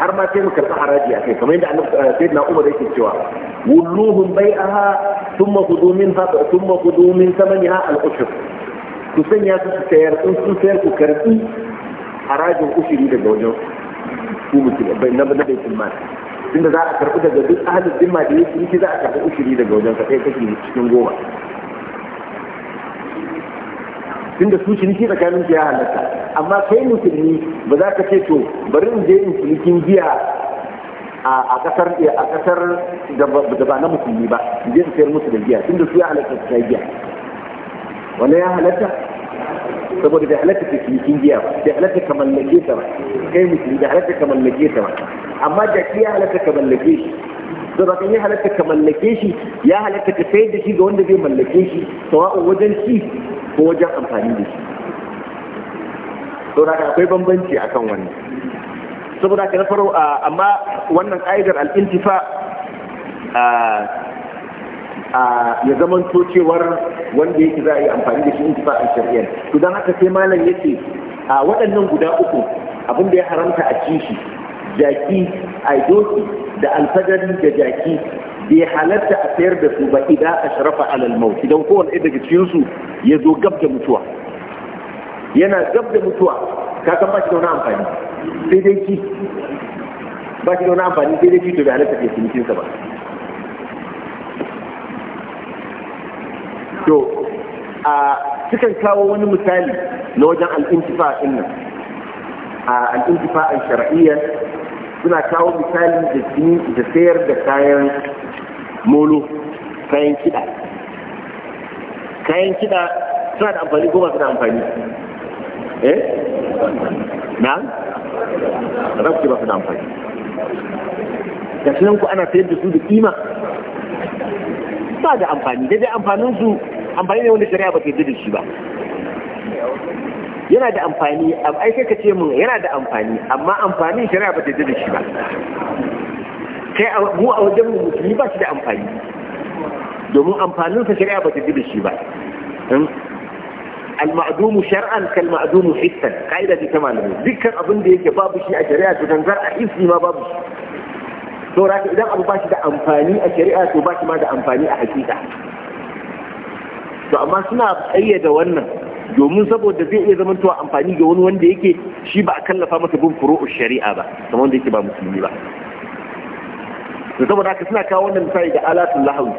har ma sai mu karɓi haraji a kai kamar yadda eh, sai na umar yake cewa wulluhun bai'aha thumma khudu minha thumma khudu min thamaniha al-ushr ku sanya su su sayar in sun sayar ku karɓi harajin ushiri daga wajen ku mutum na baitul mal tunda za a karɓi daga duk ahalin zimma da yake za a karɓi ushiri daga wajen ka kai kashi cikin goma tunda su ciniki tsakanin ya halatta amma kai musulmi ba za ka ce to bari in je in cinikin giya a kasar a kasar da ba na musulmi ba in je su sayar musu da giya tunda su ya halatta su sai giya wannan ya halatta saboda da halatta ka cinikin giya ba da halatta ka mallake ta ba kai musulmi da halatta ka mallake ta ba amma da ya halatta ka mallake shi da ba ya halatta ka mallake shi ya halatta ka sayar da shi ga wanda zai mallake shi sawa'un wajen ci ko wajen amfani da shi saboda akwai bambanci akan wannan saboda kana na faro amma wannan ƙa'idar al'intifa ya to cewar wanda yake za a yi amfani da shi intifa a shari'ar to don haka sai malam yake a waɗannan guda uku abin da ya haramta a cikin shi jaki a da alfagari da jaki bai halatta a sayar da su ba idan sharafa alal maut idan kowanne daga cikin su ya zo gab da mutuwa yana gab da mutuwa ka san ba shi da wani amfani sai dai ki ba shi da wani amfani sai dai ki to bai halatta ke cinikin sa ba to a sukan kawo wani misali na wajen al'intifa din nan a al'intifa al-shar'iyyah suna kawo misali da jini da sayar da kayan molo kayan kiɗa kayan kiɗa suna da amfani ko ba suna amfani eh na rafi ba da amfani da sunan ku ana sayar da su da kima ba da amfani daidai amfanin su amfani ne wanda shari'a ba ta yi da shi ba yana da amfani ai sai ka ce mun yana da amfani amma amfanin shari'a ba ta da shi ba kai mu a wajen mu musulmi ba shi da amfani domin amfanin sa shari'a ba ta da shi ba hmm? al-ma'dumu shar'an kal ma'dumu hissan kaida ta malamin dukkan abin da yake babu shi a shari'a to dangar a hissi ma babu shi to raka idan abu ba shi da amfani a shari'a to ba shi ma da amfani a hakika to amma suna tsayyada wannan domin saboda zai iya zama tuwa amfani ga wani wanda yake shi ba a kallafa masa bin furu'u shari'a ba kamar wanda yake ba musulmi ba to saboda haka suna kawo wannan misali da alatul lahawi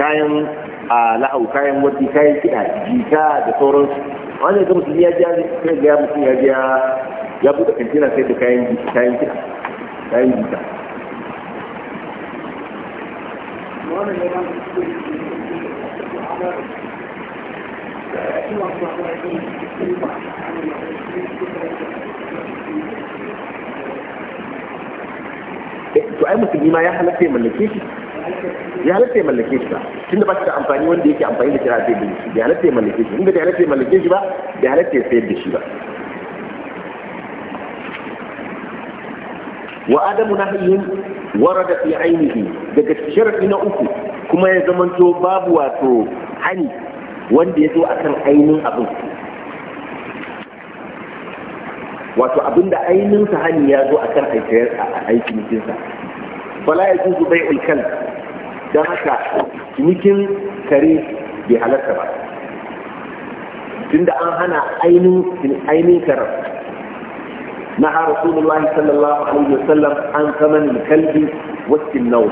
kayan a lahau kayan wadi kayan kiɗa jita da sauransu wanda ga musulmi ya biya sai ga musulmi ya biya ya buɗe kantina sai da kayan kayan kiɗa kayan jita wannan ne Eh, to ai musulmi ma ya halatta ya mallake shi ya halatta ya mallake shi ba tunda ba ta da amfani wanda yake amfani da kira zai da shi ya halatta ya mallake shi inda da halatta ya mallake shi ba da halatta ya sayar da shi ba wa adamu nahiyun warada fi ainihi daga sharadi na uku kuma ya zamanto babu wato hani wanda ya zo a kan ainihin abin wato abin da ainihin sahani ya zo a kan aiki aikinsa Bala ya juzu bai ulkan don haka cinikin kare bai halarta ba tunda an hana ainihin kare na ha rasulullahi sallallahu alaihi wasallam an kaman kalbi wasu nau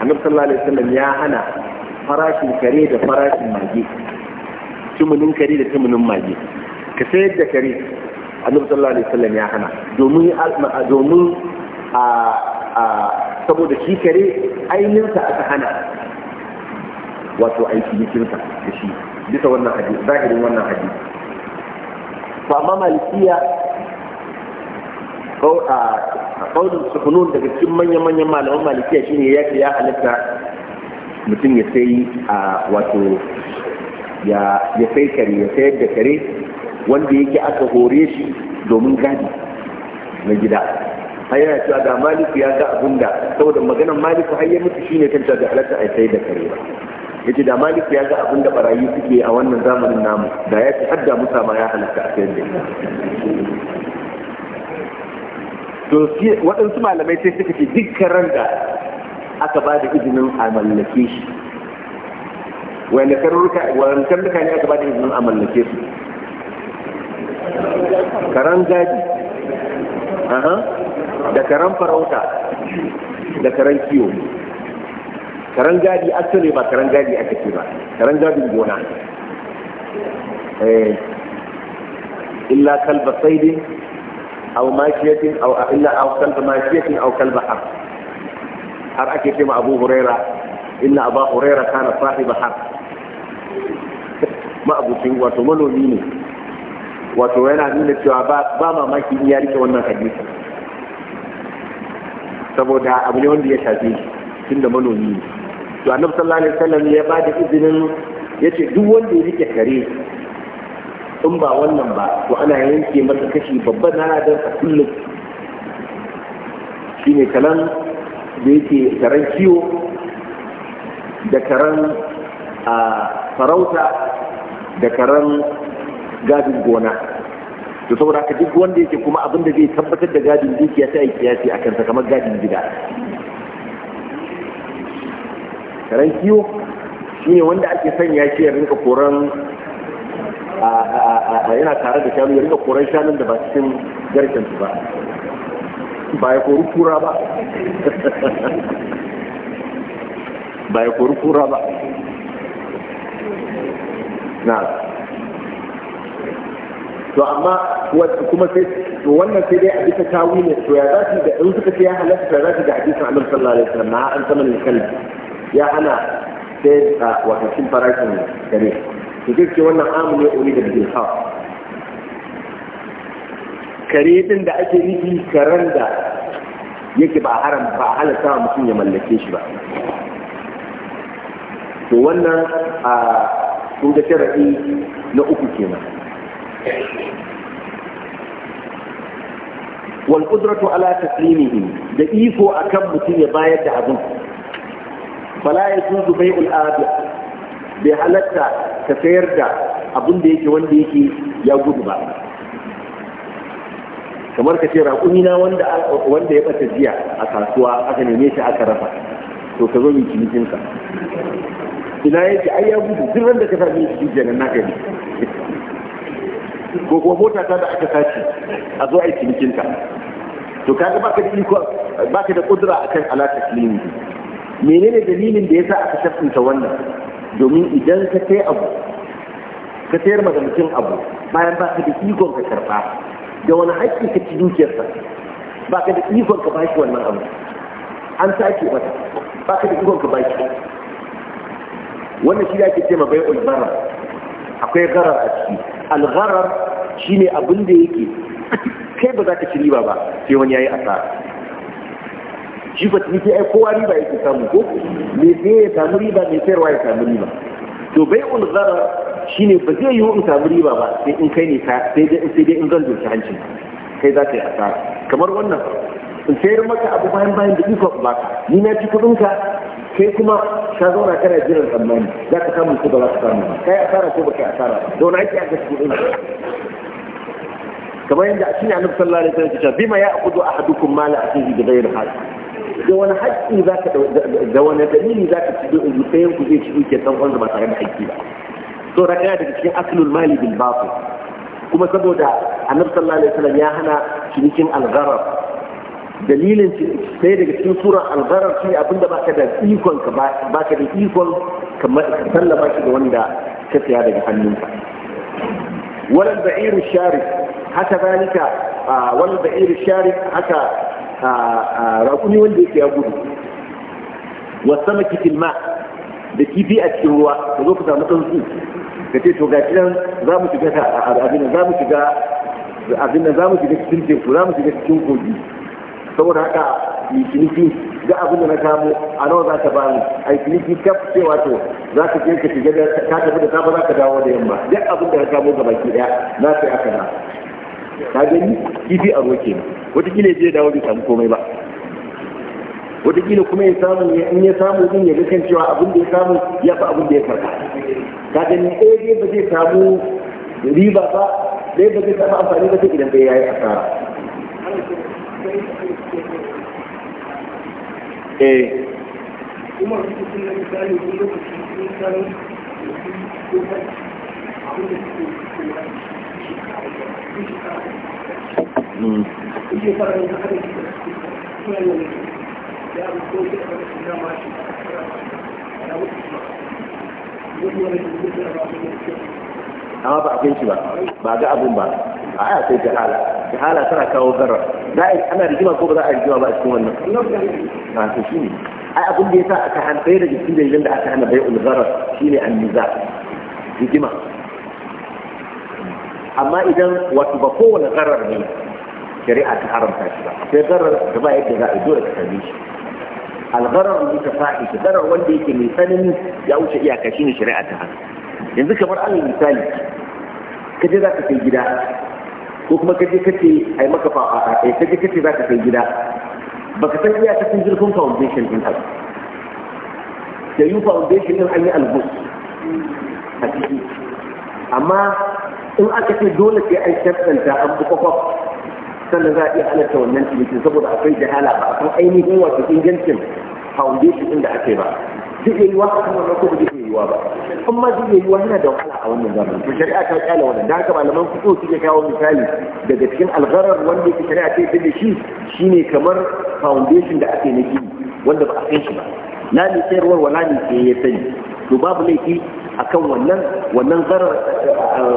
annabi sallallahu alaihi wasallam ya hana farashin kare da farashin mage tumunin kare da tumunin mage ka sayar da kare annabi sallallahu alaihi wasallam ya hana domin domin a a saboda shi kare ainihin sa aka hana wato aiki cikin sa da shi bisa wannan hadisi zahirin wannan hadisi to amma malikiya kaulin sukunun daga cikin manya-manyan malaman malikiya shine ya ya halitta mutum ya sai a wato ya sai kare ya sayar da kare wanda yake aka hore shi domin gadi na gida har yana cewa ga maliku ya ga abin da saboda maganar maliku har ya mutu shi ne kan da halatta a sai da kare ba ce da maliku ya ga abin da barayi suke a wannan zamanin namu da ya ce hadda musa ma ya halatta a sayar da to waɗansu malamai sai suka ce dukkan da aka ba da izinin a mallake shi wanda karnuka ne aka ba da izinin a mallake su karan gadi da karan farauta da karan kiwo karan gadi ne ba karan gadi aka ce ba karan gadi gona eh. illa kalba saidin aw mashiyatin aw illa aw kalba mashiyatin aw kalba har har ake ce ma abu huraira inna abu huraira kana ba har ma'abucin wato manomi ne wato yana nuna cewa ba mamaki in ya rike wannan hadisi saboda abu ne wanda ya shafi tun da manomi ne to annabi sallallahu alaihi wasallam ya ba da izinin yace duk wanda ya rike kare in ba wannan ba to ana yanke masa kashi babban na da kullum shine kalan da yake karen kiwo da karen farauta da karen gadin gona to saboda ka duk wanda yake kuma abin da zai tabbatar da gadin dukiya sai yi kiyasi a kansa kamar gadin gida karen kiwo ne wanda ake sanya shi ya rinka koran yana tare da shanu ya rinka koran shanun da ba cikin garkensu ba ba ya kori kura ba ba ya kori kura ba na to amma kuma sai wannan sai dai a bisa tawi ne to ya zafi da in suka ce ya halatta ya zafi da hadisin annabi sallallahu alaihi wasallam ma an sama kalbi ya hana sai a wata farashin gare to zai ce wannan amu ne uri da bikin hawa kare din da ake nufi karen da yake ba haram ba halatta mutum ya mallake shi ba to wannan a kun ga sharaɗi na uku kenan wal qudratu ala taslimihi da iko akan mutum ya bayar da abin fala yajuzu bai'ul abi bai halatta ka sayar da abin da yake wanda yake ya gudu ba kamar ka ce raƙumi na wanda wanda ya bata jiya a kasuwa aka neme shi aka rafa to ka zo mai cinikin ka ina yake ai ya gudu duk wanda ka sami shi jiya na yi. ko kuma mota ta da aka sace a zo ai cinikin ka to kaga baka da iko baka da kudura akan alaƙa kilimi menene dalilin da yasa aka tafinta wannan domin idan ka sai abu ka sayar maganin abu bayan ba ka da ikon ka karɓa da wani haƙƙi ka ci dukiyarsa ba ka da ikon ka baki wannan abu an sake mata ba ka da ikon ka baki wannan shi ake ce ma bai ulbara akwai garar a ciki algarar shine abin da yake kai ba za ka ci riba ba sai wani yayi asara shi ba ta nufi ai kowa riba yake samu ko me sai ya samu riba me sayarwa ya samu riba to bai ulgarar Shi ne ba zai yi wa samu riba ba sai in kai ne ka sai dai in zan doki hancin kai za ka yi asara kamar wannan in sayar maka abu bayan bayan da ikon baka ni na ci kuɗin ka kai kuma ka zauna kana jiran tsammani za ka samu ko ba za ka samu ba kai asara ko ba kai asara da wani ake aka ci kuɗin kamar yadda a cikin annabi sallallahu alaihi wasallam ya ce bima ya akudu ahadukum mala akhihi bi ghayri haqq da wani haƙƙi za ka da wani dalili za ka ci ɗayan ku zai ci duke san wanda ba tare da haƙƙi ba so ra ya daga cikin aklul mali bil batil kuma saboda annabi sallallahu alaihi wasallam ya hana cinikin algarar dalilin sai daga cikin surar algarar shi abinda baka da ikon ka baka da ikon ka sallama shi ga wanda ka saya daga hannunka wal ba'ir sharif haka zalika wal ba'ir sharif haka raƙuni wanda yake ya gudu wasu samaki fil ma da kifi a cikin ruwa ka zo ku samu tsuntsu ka ce to gashi nan za mu shiga abin za mu shiga abin za mu shiga cikin teku za mu shiga cikin kogi saboda haka mai ciniki ga abin da na kamo a nawa za ta bani a ciniki kaf cewa to za ka je ka shiga da ka tafi da safe za ka dawo da yamma duk abin da na kamo ga baki daya na sai aka na ka gani kifi a roke kenan wataƙila ya je dawo bai samu komai ba wataƙila kuma ya samu in ya samu din ya ga kan cewa abin da ya samu ya fi abin da ya karɓa ka gani ɗaya eh, dai ba zai samu riba ba ɗaya ba zai samu amfani ba sai idan bai yayi asara eh kuma rubutun misali sun san abin da da amma ba abin shi ba ba ga abin ba a aya sai jahala jahala tana kawo zarra za a ana rigima ko ba za a rigima ba a cikin wannan ba su shi ne ai abin da ya sa aka hana da jikin da dalilan da aka hana bai ulzarar an niza rigima amma idan wato ba kowane zarar ne shari'a ta haramta shi ba sai zarar da ba yadda za a yi dole ka kalli shi الغرر اللي تفاحش الغرر والدي كمي فنمي يأوش إياكاشين شريعة هذا ينزل يعني كبر على المثال كده ذاك في الجداء وكما كده كتي أي ما كفا آه، آه، أي كده كتي ذاك في الجداء بكتن يا تكون جلكم فاونديشن من هذا تيو فاونديشن من أي ألبوس أما إن أكتب دولة يا أي شاب أنت أبو كفاف sannan za a iya halatta wannan cinikin saboda akwai jahala ba a san ainihin wato ingancin foundation inda ake ba zai iya yiwa a kan wannan ko zai iya yiwa ba amma zai iya yiwa yana da wahala a wannan zamani to shari'a ta kyale wannan da haka malaman fito suke kawo misali daga cikin algarar wanda yake shari'a ta yi da shi shine kamar foundation da ake na gini wanda ba a san shi ba na ne sayarwar wala ne sai ya sani to babu laifi akan wannan wannan zarar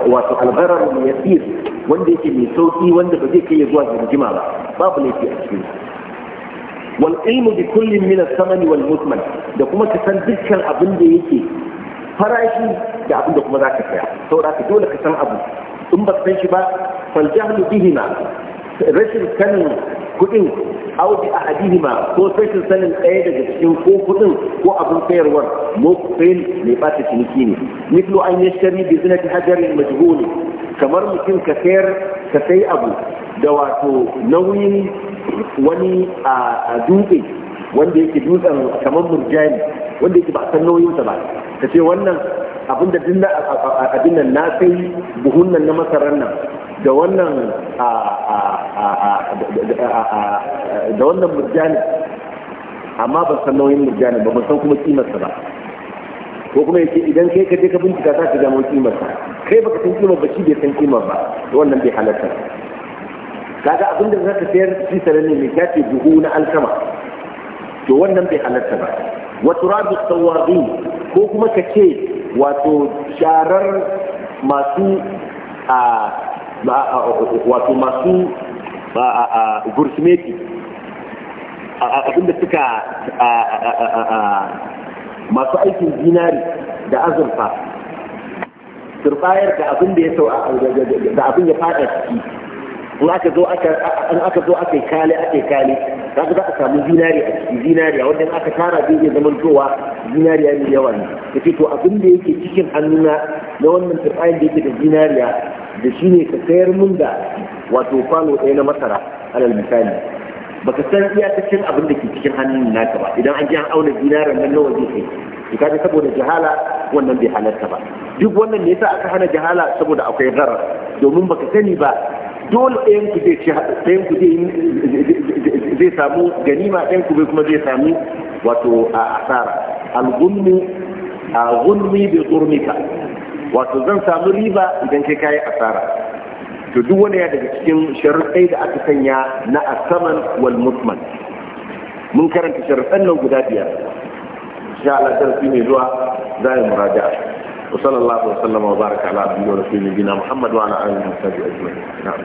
wato algarar yasir wanda yake mai sauki wanda ba zai kai ya zuwa jirgima ba babu laifi a cikin wal ilmu bi kullin min as-samani wal musman da kuma ka san dukkan abin da yake farashi da abin da kuma zaka saya saboda ka dole ka san abu in ba san shi ba fal jahlu bihima rashin sanin kuɗin auki a hadihima ko rashin sanin ɗaya daga cikin ko kuɗin ko abin sayarwar mokufail mai ɓata ciniki ne mislu an yi shari bi zinati hajarin majhuli kamar mutum ka sayar ka sai abu da wato nauyin wani a dutse wanda yake dutsen kamar murjani wanda yake ba a san nauyinsa ba ka ce wannan abinda dinna abin nan na kai buhun nan na masarar nan da wannan da wannan murjani amma ban san nauyin murjani ba ban san kuma kimarsa ba ko kuma yake idan kai ka je ka bincika za ka gano kimarsa kai baka san kimar ba shi bai san kimar ba wannan bai halatta kaga abin da zaka sayar shi sananne ne ya ce buhu na alkama to wannan bai halatta ba wa turabu sawabi ko kuma ka ce wato sharar masu a wato masu gursimeti abinda suka masu aikin dinari da azurfa turbayar da abin da ya sau da abin ya fada ciki in aka zo aka in aka zo aka kale aka kale za a samu zinari a ciki zinari a wanda aka tara zai iya zaman towa zinariya mai yawa ne ke to abin da yake cikin hannuna na wannan tsakanin da yake da zinari da shi ne ka sayar mun da wato kwano ɗaya na masara alal misali baka san iyakacin abin da ke cikin hannun naka ba idan an ji an auna dinaran nan nawa zai kai to kaga saboda jahala wannan bai halarta ba duk wannan ne yasa aka hana jahala saboda akwai zarar domin baka sani ba dole ɗayan ku zai ci ɗayan ku zai samu ganima ɗayan ku kuma zai samu wato a asara al-gunmi a gunmi bi tsurmika wato zan samu riba idan kai kayi asara to duk wani ya daga cikin sharuɗai da aka sanya na asaman wal musman mun karanta sharuɗan nan guda biyar insha Allah darasi mai zuwa za mu muraja'a وصلى الله وسلم وبارك على عبده ورسوله نبينا محمد وعلى اله وصحبه اجمعين نعم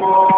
more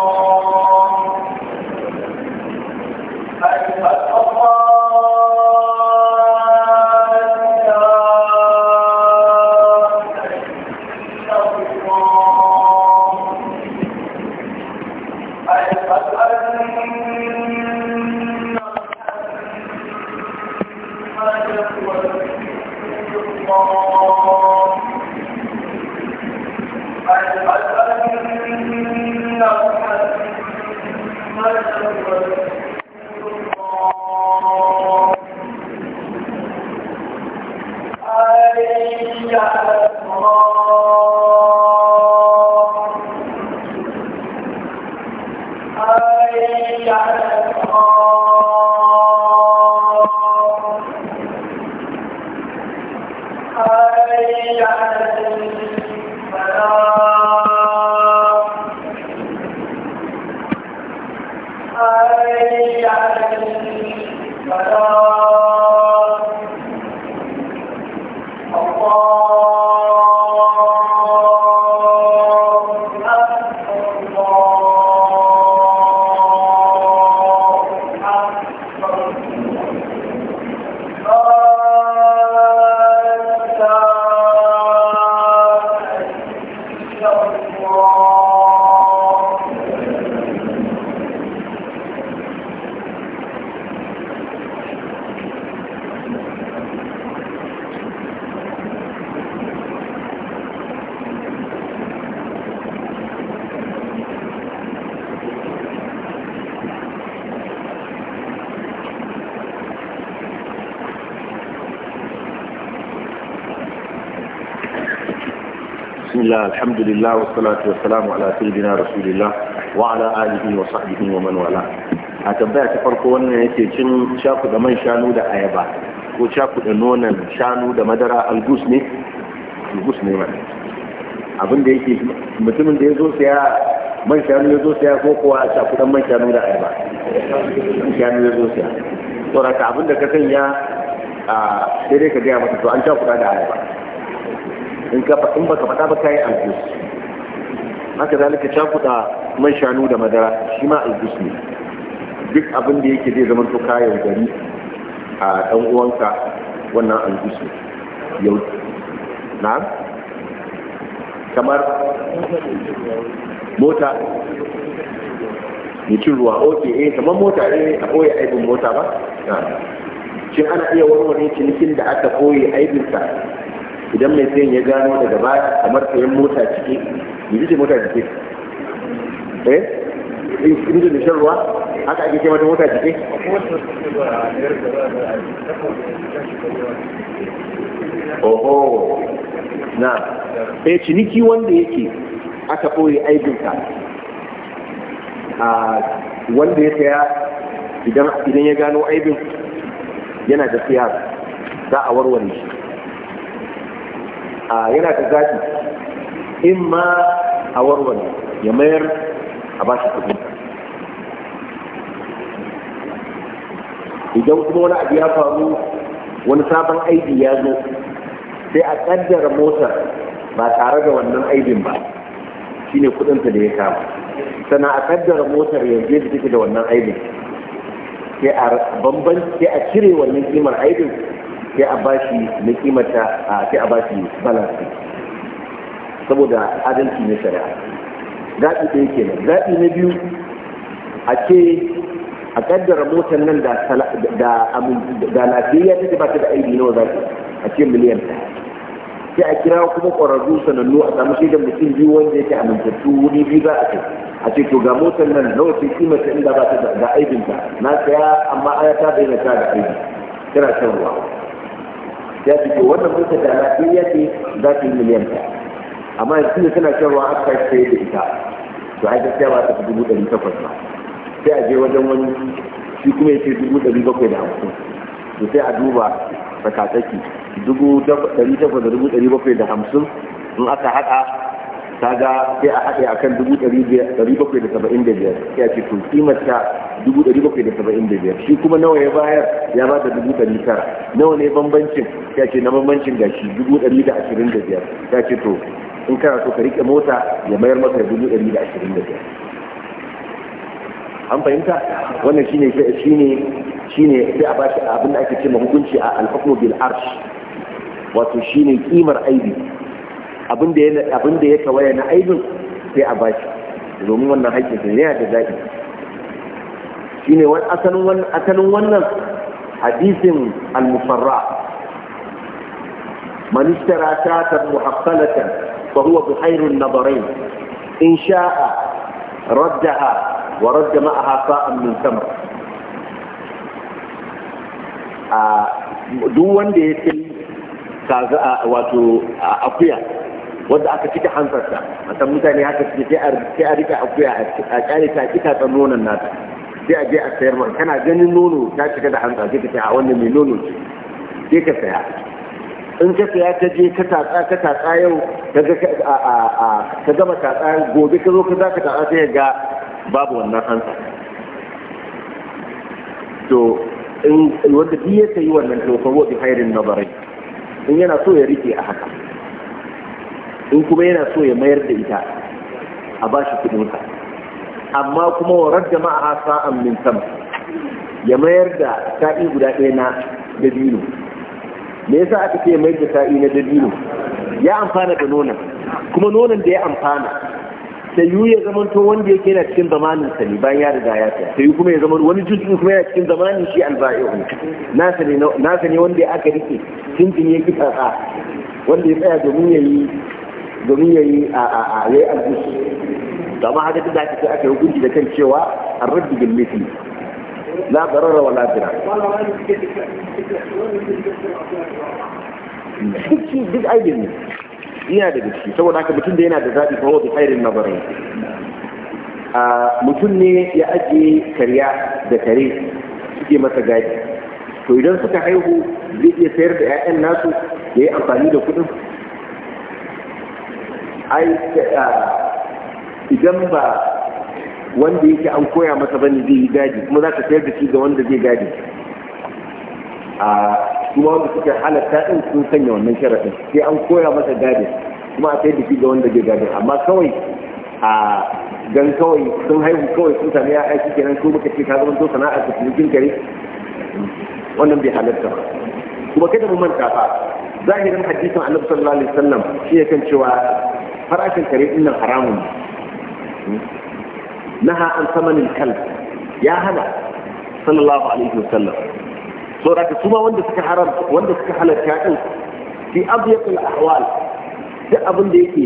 الله الحمد لله والصلاة والسلام على سيدنا رسول الله وعلى آله وصحبه ومن والاه a tambaya ta farko wannan yake cin shaku man shanu da ayaba ko shaku nonon shanu da madara algus ne algus abin da yake mutumin da ya zo saya man shanu ya zo saya ko kuwa shaku da man shanu da ayaba man shanu ya zo saya saboda abin da ka sanya a sai dai ka gaya masa to an shaku da ayaba in ka in baka faɗa ba kai algus haka zalika cakuɗa man shanu da madara shi ma algus ne duk abin da yake zai zama to kayan gari a ɗan uwanka wannan algus ne yau na kamar mota ne cin ruwa oke eh kamar mota ne eh, a koyi aibin mota ba shin ana iya warware cinikin da aka koyi aibinsa idan mai sayan ya gano daga baya kamar sayan mota ciki yi ce mota ciki eh in da shan ruwa haka ake kai mata mota ciki oho na eh ciniki wanda yake aka ɓoye ka a wanda ya saya idan ya gano aibin yana da siyar za a warware shi yana da zaɓi in ma a warware ya mayar a ba shi kuɗin idan kuma wani abu ya faru wani sabon aiki ya zo sai a kaddara motar ba tare da wannan aibin ba shine kudinta da ya kama sana a kaddara motar yanzu da take da wannan aibin sai a bambanci sai a cire wannan kimar aibin sai a bashi na kimata a sai a bashi balance saboda adalci na shari'a zaɓi ɗaya kenan zaɓi na biyu a ce a ƙaddara motar nan da lafiya take ba ta da aiki nawa za a ce miliyan ta, sai a kira kuma ƙwararru sanannu a samu shi da mutum biyu wanda yake amintattu wuri biyu za a kai a ce to ga motar nan nawa ce kimata ta inda ba ta da aibinta na saya amma aya ta daina ta da aibi tana shan ruwa ya fi ke wannan mutum da na in ya za ta yi miliyan ta amma yanzu da tana shan ruwa aka sai da ita to ai gaskiya ba ta fi dubu ɗari takwas ba sai a je wajen wani shi kuma ya ce dubu ɗari bakwai da hamsin to sai a duba tsakatsaki dubu ɗari takwas da dubu ɗari bakwai da hamsin in aka haɗa kaga sai a haɗe a kan 775 ya ce to kimarta 775 shi kuma nawa ya bayar ya ba da 900 nawa ne bambancin ya ce na bambancin ga shi 125 ya ce to in kana so ka rike mota ya mayar maka 125 an fahimta wannan shine shine shine sai a bashi abin da ake cewa hukunci a al-hukmu bil arsh wato shine kimar aibi abin da ya kawaya na aibin sai a bashi domin wannan haƙƙin sun yana da zaɓi shi ne asalin wannan hadisin al-musarra man ishtara shatan muhaqqalatan fa huwa bi khairun nadarain in sha'a raddaha wa radda ma'aha sa'an min samar a duk wanda ya sai wato akuya wanda aka cika hansarsa a san mutane haka suke sai a rika akuya a kyale ta kita ta nonon nata sai a je a sayar ma kana ganin nono ta cika da hansa sai ka ce a wannan mai nono ce sai ka saya in ka saya ka je ka tatsa ka tatsa yau ka gama tatsa gobe ka zo ka za ka tatsa sai ga babu wannan hansa to in wanda duk ya sayi wannan to fa wa hairin khairin nabarai in yana so ya rike a haka in kuma yana so ya mayar da ita a ba shi kudinsa amma kuma wa da ma'a sa'an min sam ya mayar da sa'i guda ɗaya na dabino me yasa aka ce mayar da sa'i na dabino ya amfana da nonon kuma nonon da ya amfana ta yiwu ya zama to wanda yake yana cikin zamanin sa ne bayan ya riga ya ta sai kuma ya zama wani juz'in kuma yana cikin zamanin shi alba'i'u nasa ne Na ne wanda aka rike tuntun ya ki wanda ya tsaya domin ya yi domin ya yi a ya yi aljusu to amma haka da aka ce yi hukunci da kan cewa an rabbi bin mifi la barara wa la duk aibin ne da gaske saboda haka mutum da yana da zaɓi kuma wata khairin nazarin mutum ne ya ajiye karya da kare suke masa gadi to idan suka haihu zai iya sayar da 'ya'yan nasu ya yi amfani da kuɗin ai eh, idan ba wanda yake an koya masa bane zai yi gadi kuma za ka sayar da shi ga wanda zai gadi a kuma wanda suke halatta din sun sanya wannan sharaɗin sai an koya masa gadi kuma a sayar da shi ga wanda zai gadi amma kawai a gan kawai sun haihu kawai sun sami ya'ya shi kenan ko muka ce ka zama to sana'a ta cikin kare wannan bai halatta ba kuma kada mu manta ba zahirin hadisin annabi sallallahu alaihi wasallam shi yakan cewa farashin kare din nan haramun hmm? naha an samanin kal ya hana sallallahu alaihi wasallam saboda ka kuma wanda suka haram wanda suka halarta din fi abyaq al ahwal duk abin da yake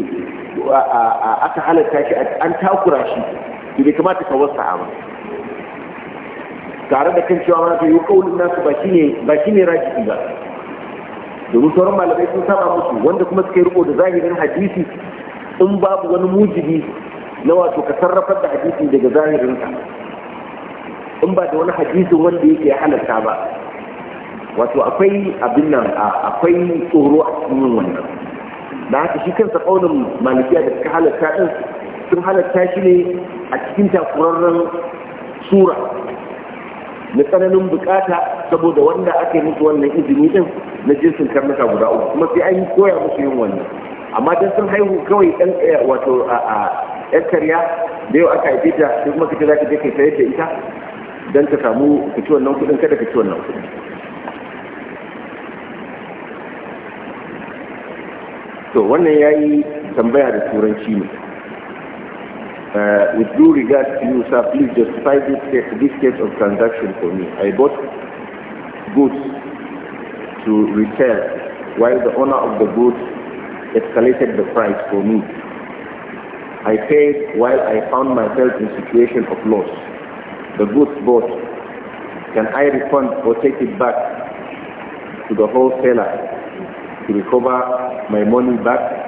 aka halarta shi an takura shi to bai kamata ka ba tare da kan cewa wani ta yi kaulin nasu ba shine ba shine rajibi ba domin sauran malamai sun saba musu wanda kuma suka yi riko da zahirin hadisi in babu wani mujibi na wato ka sarrafar da hadisi daga zahirinsa in ba da wani hadisin wanda yake halarta ba wato akwai abin nan akwai tsoro a cikin wannan da haka shi kansa kaunin malikiya da suka halarta din sun halarta shi ne a cikin takurarren sura na tsananin bukata saboda wanda ake mutu wannan izini din na jinsin karnuka guda uku kuma sai an koya musu yin wannan amma dan sun haihu kawai dan eh, wato a yan karya da yau aka haife ta sai kuma kace za ka je kai sayar da ita dan ka samu ka ci wannan kuɗin kada ka ci wannan kuɗin to wannan yayi tambaya da turanci ne uh, with due regard to you, sir, please justify this case, this case of transaction for me. I bought goods to retail, while the owner of the goods escalated the price for me. I paid while I found myself in situation of loss. The goods bought. Can I refund or take it back to the wholesaler to recover my money back?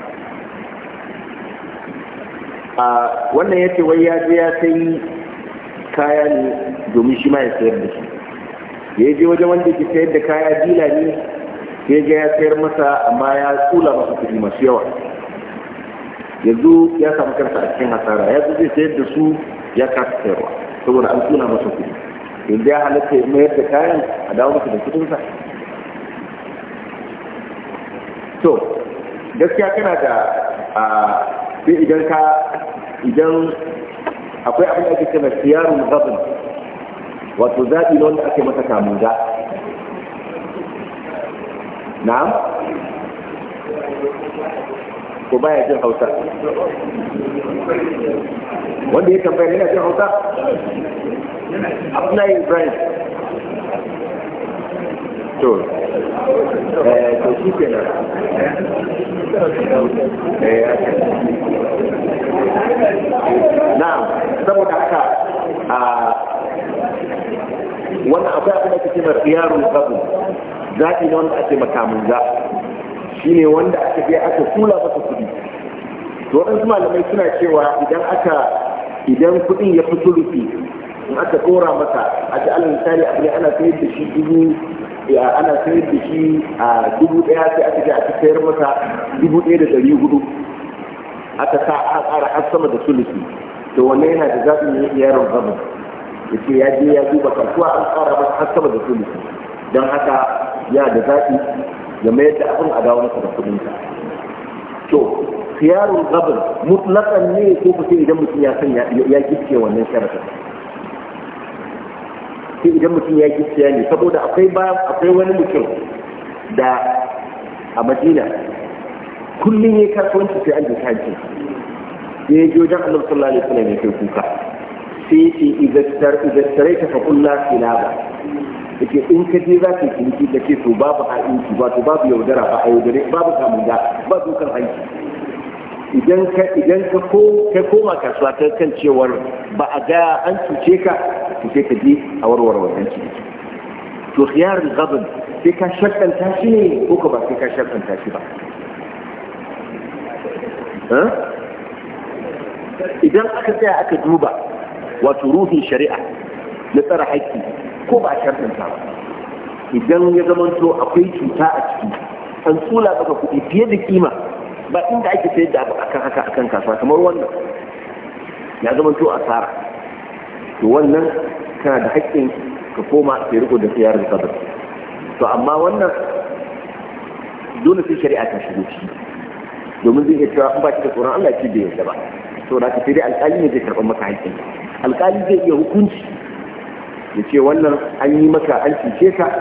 a wannan yace wai ya je ya sai kaya ne domin shi ma ya sayar da shi ya je wajen wanda ke sayar da kaya dila ne sai ga ya sayar masa amma ya tsula masa kuɗi masu yawa yanzu ya samu kansa a cikin hasara ya zai sayar da su ya kasa sayarwa saboda an tsula masa kuɗi yanzu ya halatta ya mayar da kayan a dawo masa da kuɗinsa to gaskiya kana da sai idan ka idan akwai abin da ake kira siyarun gabin wato zaɓi na wanda ake masa kamun ga na'am ko baya jin hausa wanda ya tambaya yana jin hausa abu abdullahi ibrahim to Eh, to shi kenan eh, saboda haka a wannan akwai abin da kake mai yarun gabu zaɓi na wanda ake makamun za shi ne wanda aka biya aka kula masa kuɗi to waɗansu malamai suna cewa idan aka idan kuɗin ya fi sulufi in aka ɗora masa a ji alal misali abin ana sayar da shi dubu ana sayar da shi a dubu ɗaya sai aka ce a ci sayar masa dubu ɗaya da ɗari hudu aka sa a ƙara har sama da sulusi to wannan yana da zaɓin ya yaron zama ya ce ya je ya duba kasuwa an ƙara masa har sama da sulusi don haka yana da zaɓi ya mayar da abin a dawo masa da kuɗinsa to siyarun gabr mutlaƙan ne ko kusa idan mutum ya san ya kifke wannan sharafin sai idan mutum ya ki siya ne saboda akwai akwai wani mutum da a madina kullum ya kasuwanci sai an ji kaji ya yi wajen annabi sallallahu alaihi wasallam ya kai kuka sai ya ce izastar ta ta fa kullu silaba yake in ka je za ka yi ciniki da ke to babu ha'inci wato babu yaudara ba a yaudare babu kamun da ba dukan hanci idan ka idan ka ko ka koma kasuwa ta kan cewar ba a ga an cuce ka to sai ka je a warware wannan ciniki to khiyar al-ghadab sai ka shakkanta shi ne ko ka ba sai ka shakkanta shi ba idan aka tsaya aka duba wato ruhin shari'a na tsara haƙƙi ko ba a shakkanta ba idan ya zamanto akwai cuta a ciki an tsula maka kuɗi fiye da kima ba inda ake sai da abu akan haka akan kasuwa kamar wannan ya zama to asara to wannan kana da haƙƙin ka koma sai riko da da sabar to amma wannan dole sai shari'a ta shigo ciki domin zai iya cewa in ba ki da tsoron Allah ki bai yarda ba to da ka sai dai alƙali ne zai karɓar maka haƙƙin alƙali zai iya hukunci ya ce wannan an yi maka an cice ka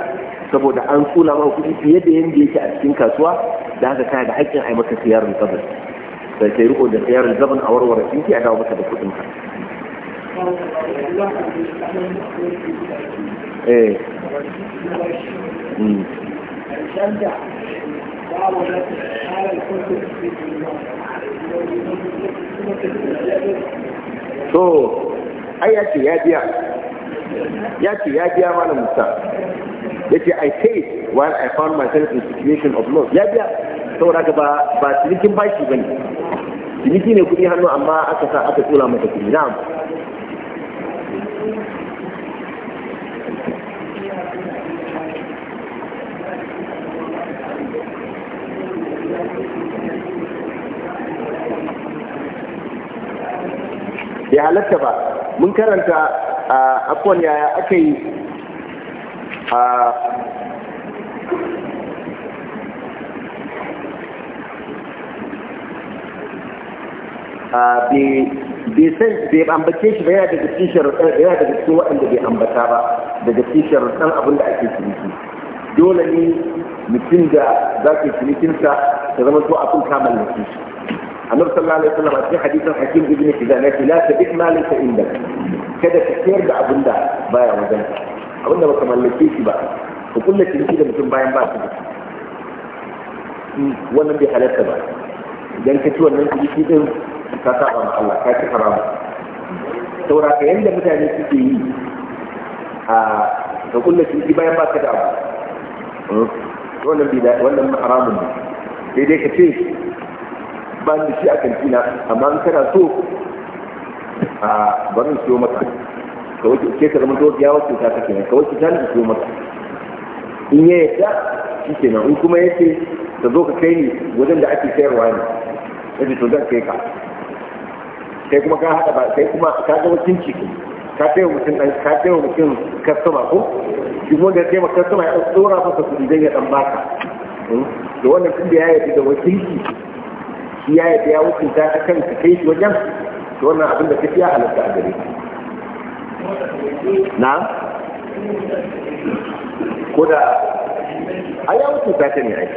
saboda an sula maka kuɗi fiye da yanda yake a cikin kasuwa da haka kana da haƙƙin a yi maka siyarun zabin sai kai riko da siyarun zabin a warware kinki a dawo maka da kuɗin ka eh to ai ya ce ya biya ya ce ya biya malam musa ya ce i paid while i found myself in situation of love ya biya saboda haka ba ba cinikin bashi ne ciniki ne kuɗi hannu amma aka sa aka tsula mata kuɗi na'am ya halatta ba mun karanta a ah, akwai yaya aka yi ah, bai san bai ambace shi ba yana daga cikin sharuɗan yana daga cikin waɗanda bai ambata ba daga cikin sharuɗan abin da ake ciniki dole ne mutum da za ka cinikinsa ta zama zuwa abin kamar nake shi annabi sallallahu alaihi wasallam a cikin hadisin hakim ibn hizam ya ce la tabiq ma laysa indak kada ka sayar da abin da baya wajen abin da baka mallake shi ba ka kullace ciniki da mutum bayan ba su da hmm, wannan bai halarta ba idan ka ci wannan ciniki din ka saba ma Allah ka ci haramu saboda ka yanda mutane suke yi a ka kulla ciniki bayan ba ka da abu hmm? wannan bida wannan haramun ne sai dai ka ce ba ni shi a kantina amma in kana so a barin yi maka ka wuce ke ka zama to ya wuce ta kake ka wuce ta da su maka in ya yadda shi kenan in kuma yake ka zo ka kai ni wajen da ake sayarwa ne yace to zan kai ka kai kuma ka hada ba kai kuma ka ga wakilci ka taimaka mutum dan ka kai mutum customer ko shi kuma da kai customer ya tsora maka kuɗi dan ya dan baka hmm? da wannan tun da ya yi da wakilci shi ya yi ya ta ta kan ka kai shi wajen to wannan abin da ka fiya halatta a gare na ko da a ya wuce ta ne ai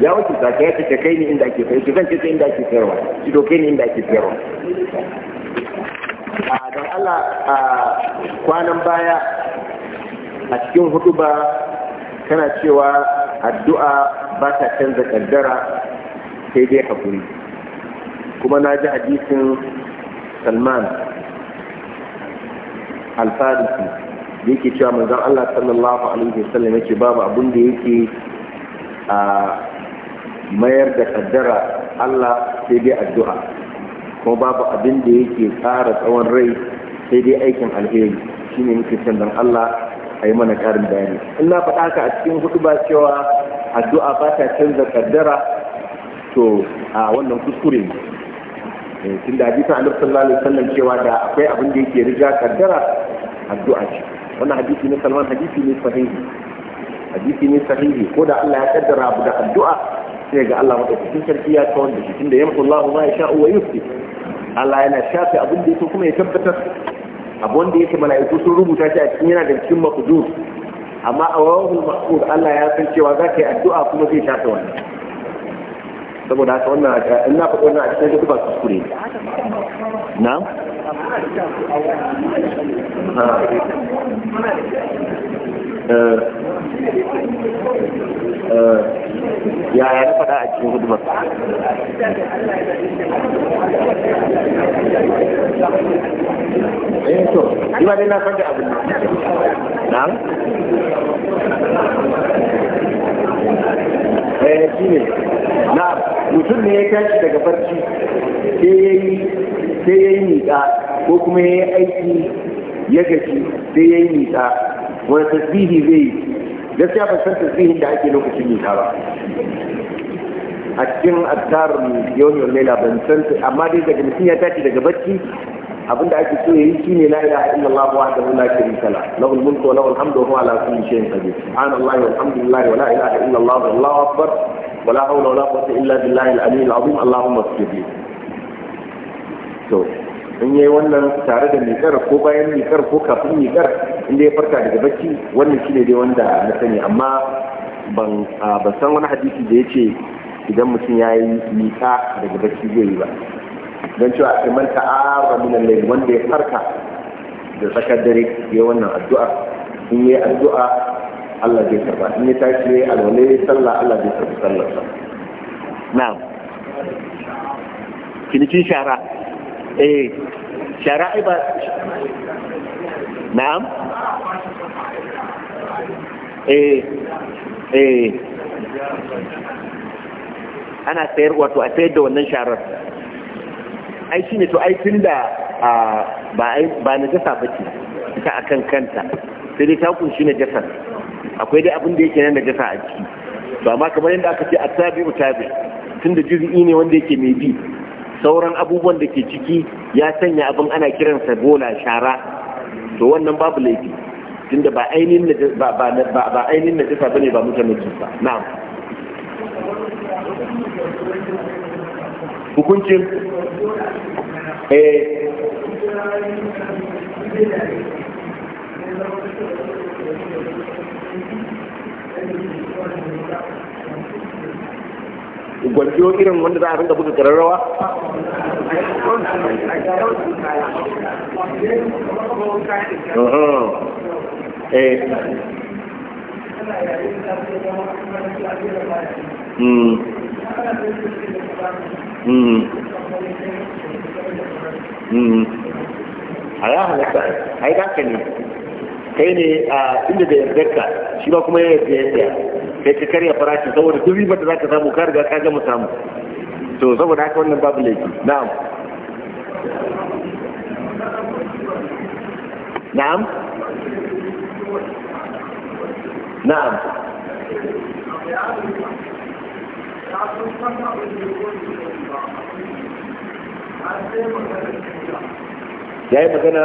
ya wuce ta ya ce ka kai ni inda ake sayarwa zan ce inda ake sayarwa ki doke ni inda ake sayarwa a don Allah a kwanan baya a cikin hudu ba kana cewa addu'a ba ta canza kaddara sai dai hakuri kuma na ji hadisin Salman al-Farisi da yake cewa manzon Allah sallallahu alaihi wasallam yake babu abin da yake a mayar da kaddara Allah sai dai addu'a kuma babu abin da yake tsara tsawon rai sai dai aikin alheri shine muke son dan Allah a yi mana karin bayani in na faɗa ka a cikin hudu ba cewa addu'a ba ta canza kaddara to a wannan kuskure ne eh, tun da hadisin annabi sallallahu alaihi wasallam cewa da akwai abin da yake riga kaddara addu'a ce wannan hadisi ne salman hadisi ne sahihi hadisi ne sahihi ko da Allah ya kaddara abu da addu'a sai ga Allah madaukakin sarki ya kawar da shi tunda yamku Allahu ma yasha'u wa yufti Allah yana shafe abin da yake kuma ya tabbatar abu wanda yake mala'iku sun rubuta shi a cikin yana da cikin mafudu amma a wawahul Allah ya san cewa za ka yi addu'a kuma zai shafe wannan saboda haka wannan a ina faɗi wannan a cikin duk ba kuskure na eh, eh, ya ya faɗa a cikin hudumar eh to ina dai na fanta abin na eh shi ne na mutum ne ya tashi daga barci sai ya yi sai ya yi miƙa ko kuma ya yi aiki ya gaji sai ya yi miƙa wani tasbihi zai yi gaskiya ban san tasbihin da ake lokacin miƙa ba a cikin azkar yau yau laila ban san amma dai daga mutum ya tashi daga barci abin da ake so yayi shine la ilaha illallah wahdahu la sharika la lahul mulku wa lahul hamdu wa huwa ala kulli shay'in qadir subhanallahi walhamdulillahi wa la ilaha illallah wallahu akbar wa la hawla wa la quwwata illa billahi al-ali al-azim allahumma salli to in yayi wannan tare da mikar ko bayan mikar ko kafin mikar inda ya farka daga bacci wannan shine dai wanda na sani amma ban ah, san wani hadisi da yace idan mutum ya yi miƙa daga bacci zai yi ba don cewa a man ta'ara min lai wanda ya farka da tsakar dare ya wannan addu'a in yi addu'a Allah zai karba in ya tashi yayi alwala sallah Allah zai karba sallar sa Na kinikin shara eh shara ai ba na'am eh eh ana sayar wato a sayar da wannan sharar ai shi ne to ai da ba na jasa ba ce ita a kan kanta sai dai ta kunshi na jasa akwai dai abin da yake nan da jasa a ciki to amma kamar yadda aka ce a tabi tabi tun da juzi'i ne wanda yake mai bi sauran abubuwan da ke ciki ya sanya abin ana kiransa bola shara to wannan babu laifi tunda ba ainihin jasa ba ne ba mutane najasa na'am hukuncin eh irin wanda za a rinka buga kararrawa uh-huh. eh. hmm. Mm-hmm. Mm-hmm. a ya halatta ai ne kai ne a inda da yardarka shi ba kuma ya yarda kai ka karya farashi saboda duk ribar da samu ka gama samu to saboda haka wannan babu laifi na'am na'am na'am يا يا مكانا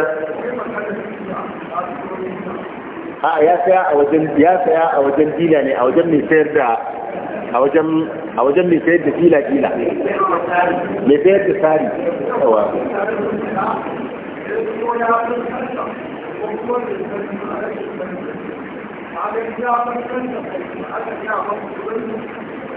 ها يا فيا اوجن يا فيا اوجن ديلا ني اوجن مي سيردا اوجن اوجن مي سيرد ديلا ديلا مي سيرد ساري هو يا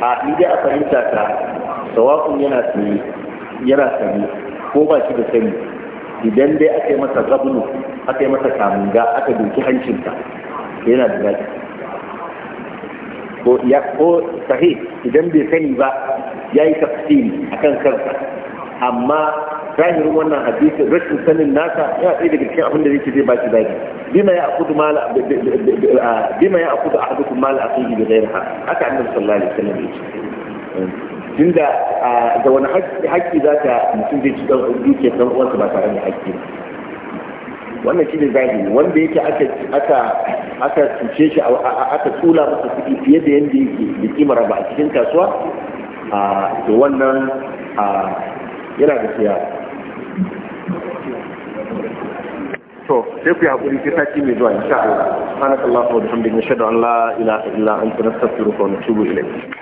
a inda a fahimta ta tsawakun yana sani yana sani ko ba shi da sani idan dai aka yi masa zabnu aka yi masa kamunga aka doki hancinta yana da ko ya ko sahi idan bai sani ba ya yi tafsiri kan kansa amma zahirin wannan hadisin rashin sanin nasa ya ɗaya daga cikin abin da yake zai baki daji bima ya akudu mala bima ya akudu ahadukum mala akhihi bi ghayriha haka annabi sallallahu alaihi wasallam yake tunda da wani haƙƙi za ta mutum zai ci duke san uwansa ba tare da haƙƙi wannan shi ne zahiri wanda yake aka aka aka tuce shi aka tsula masa kuɗi fiye da yanda yake da kimar ba a cikin kasuwa a to wannan yana da siya to sai ku hakuri sai sati mai zuwa insha Allah subhanakallahu wa bihamdika nashhadu da Allah ila illa anta nastaghfiruka wa natubu ilayk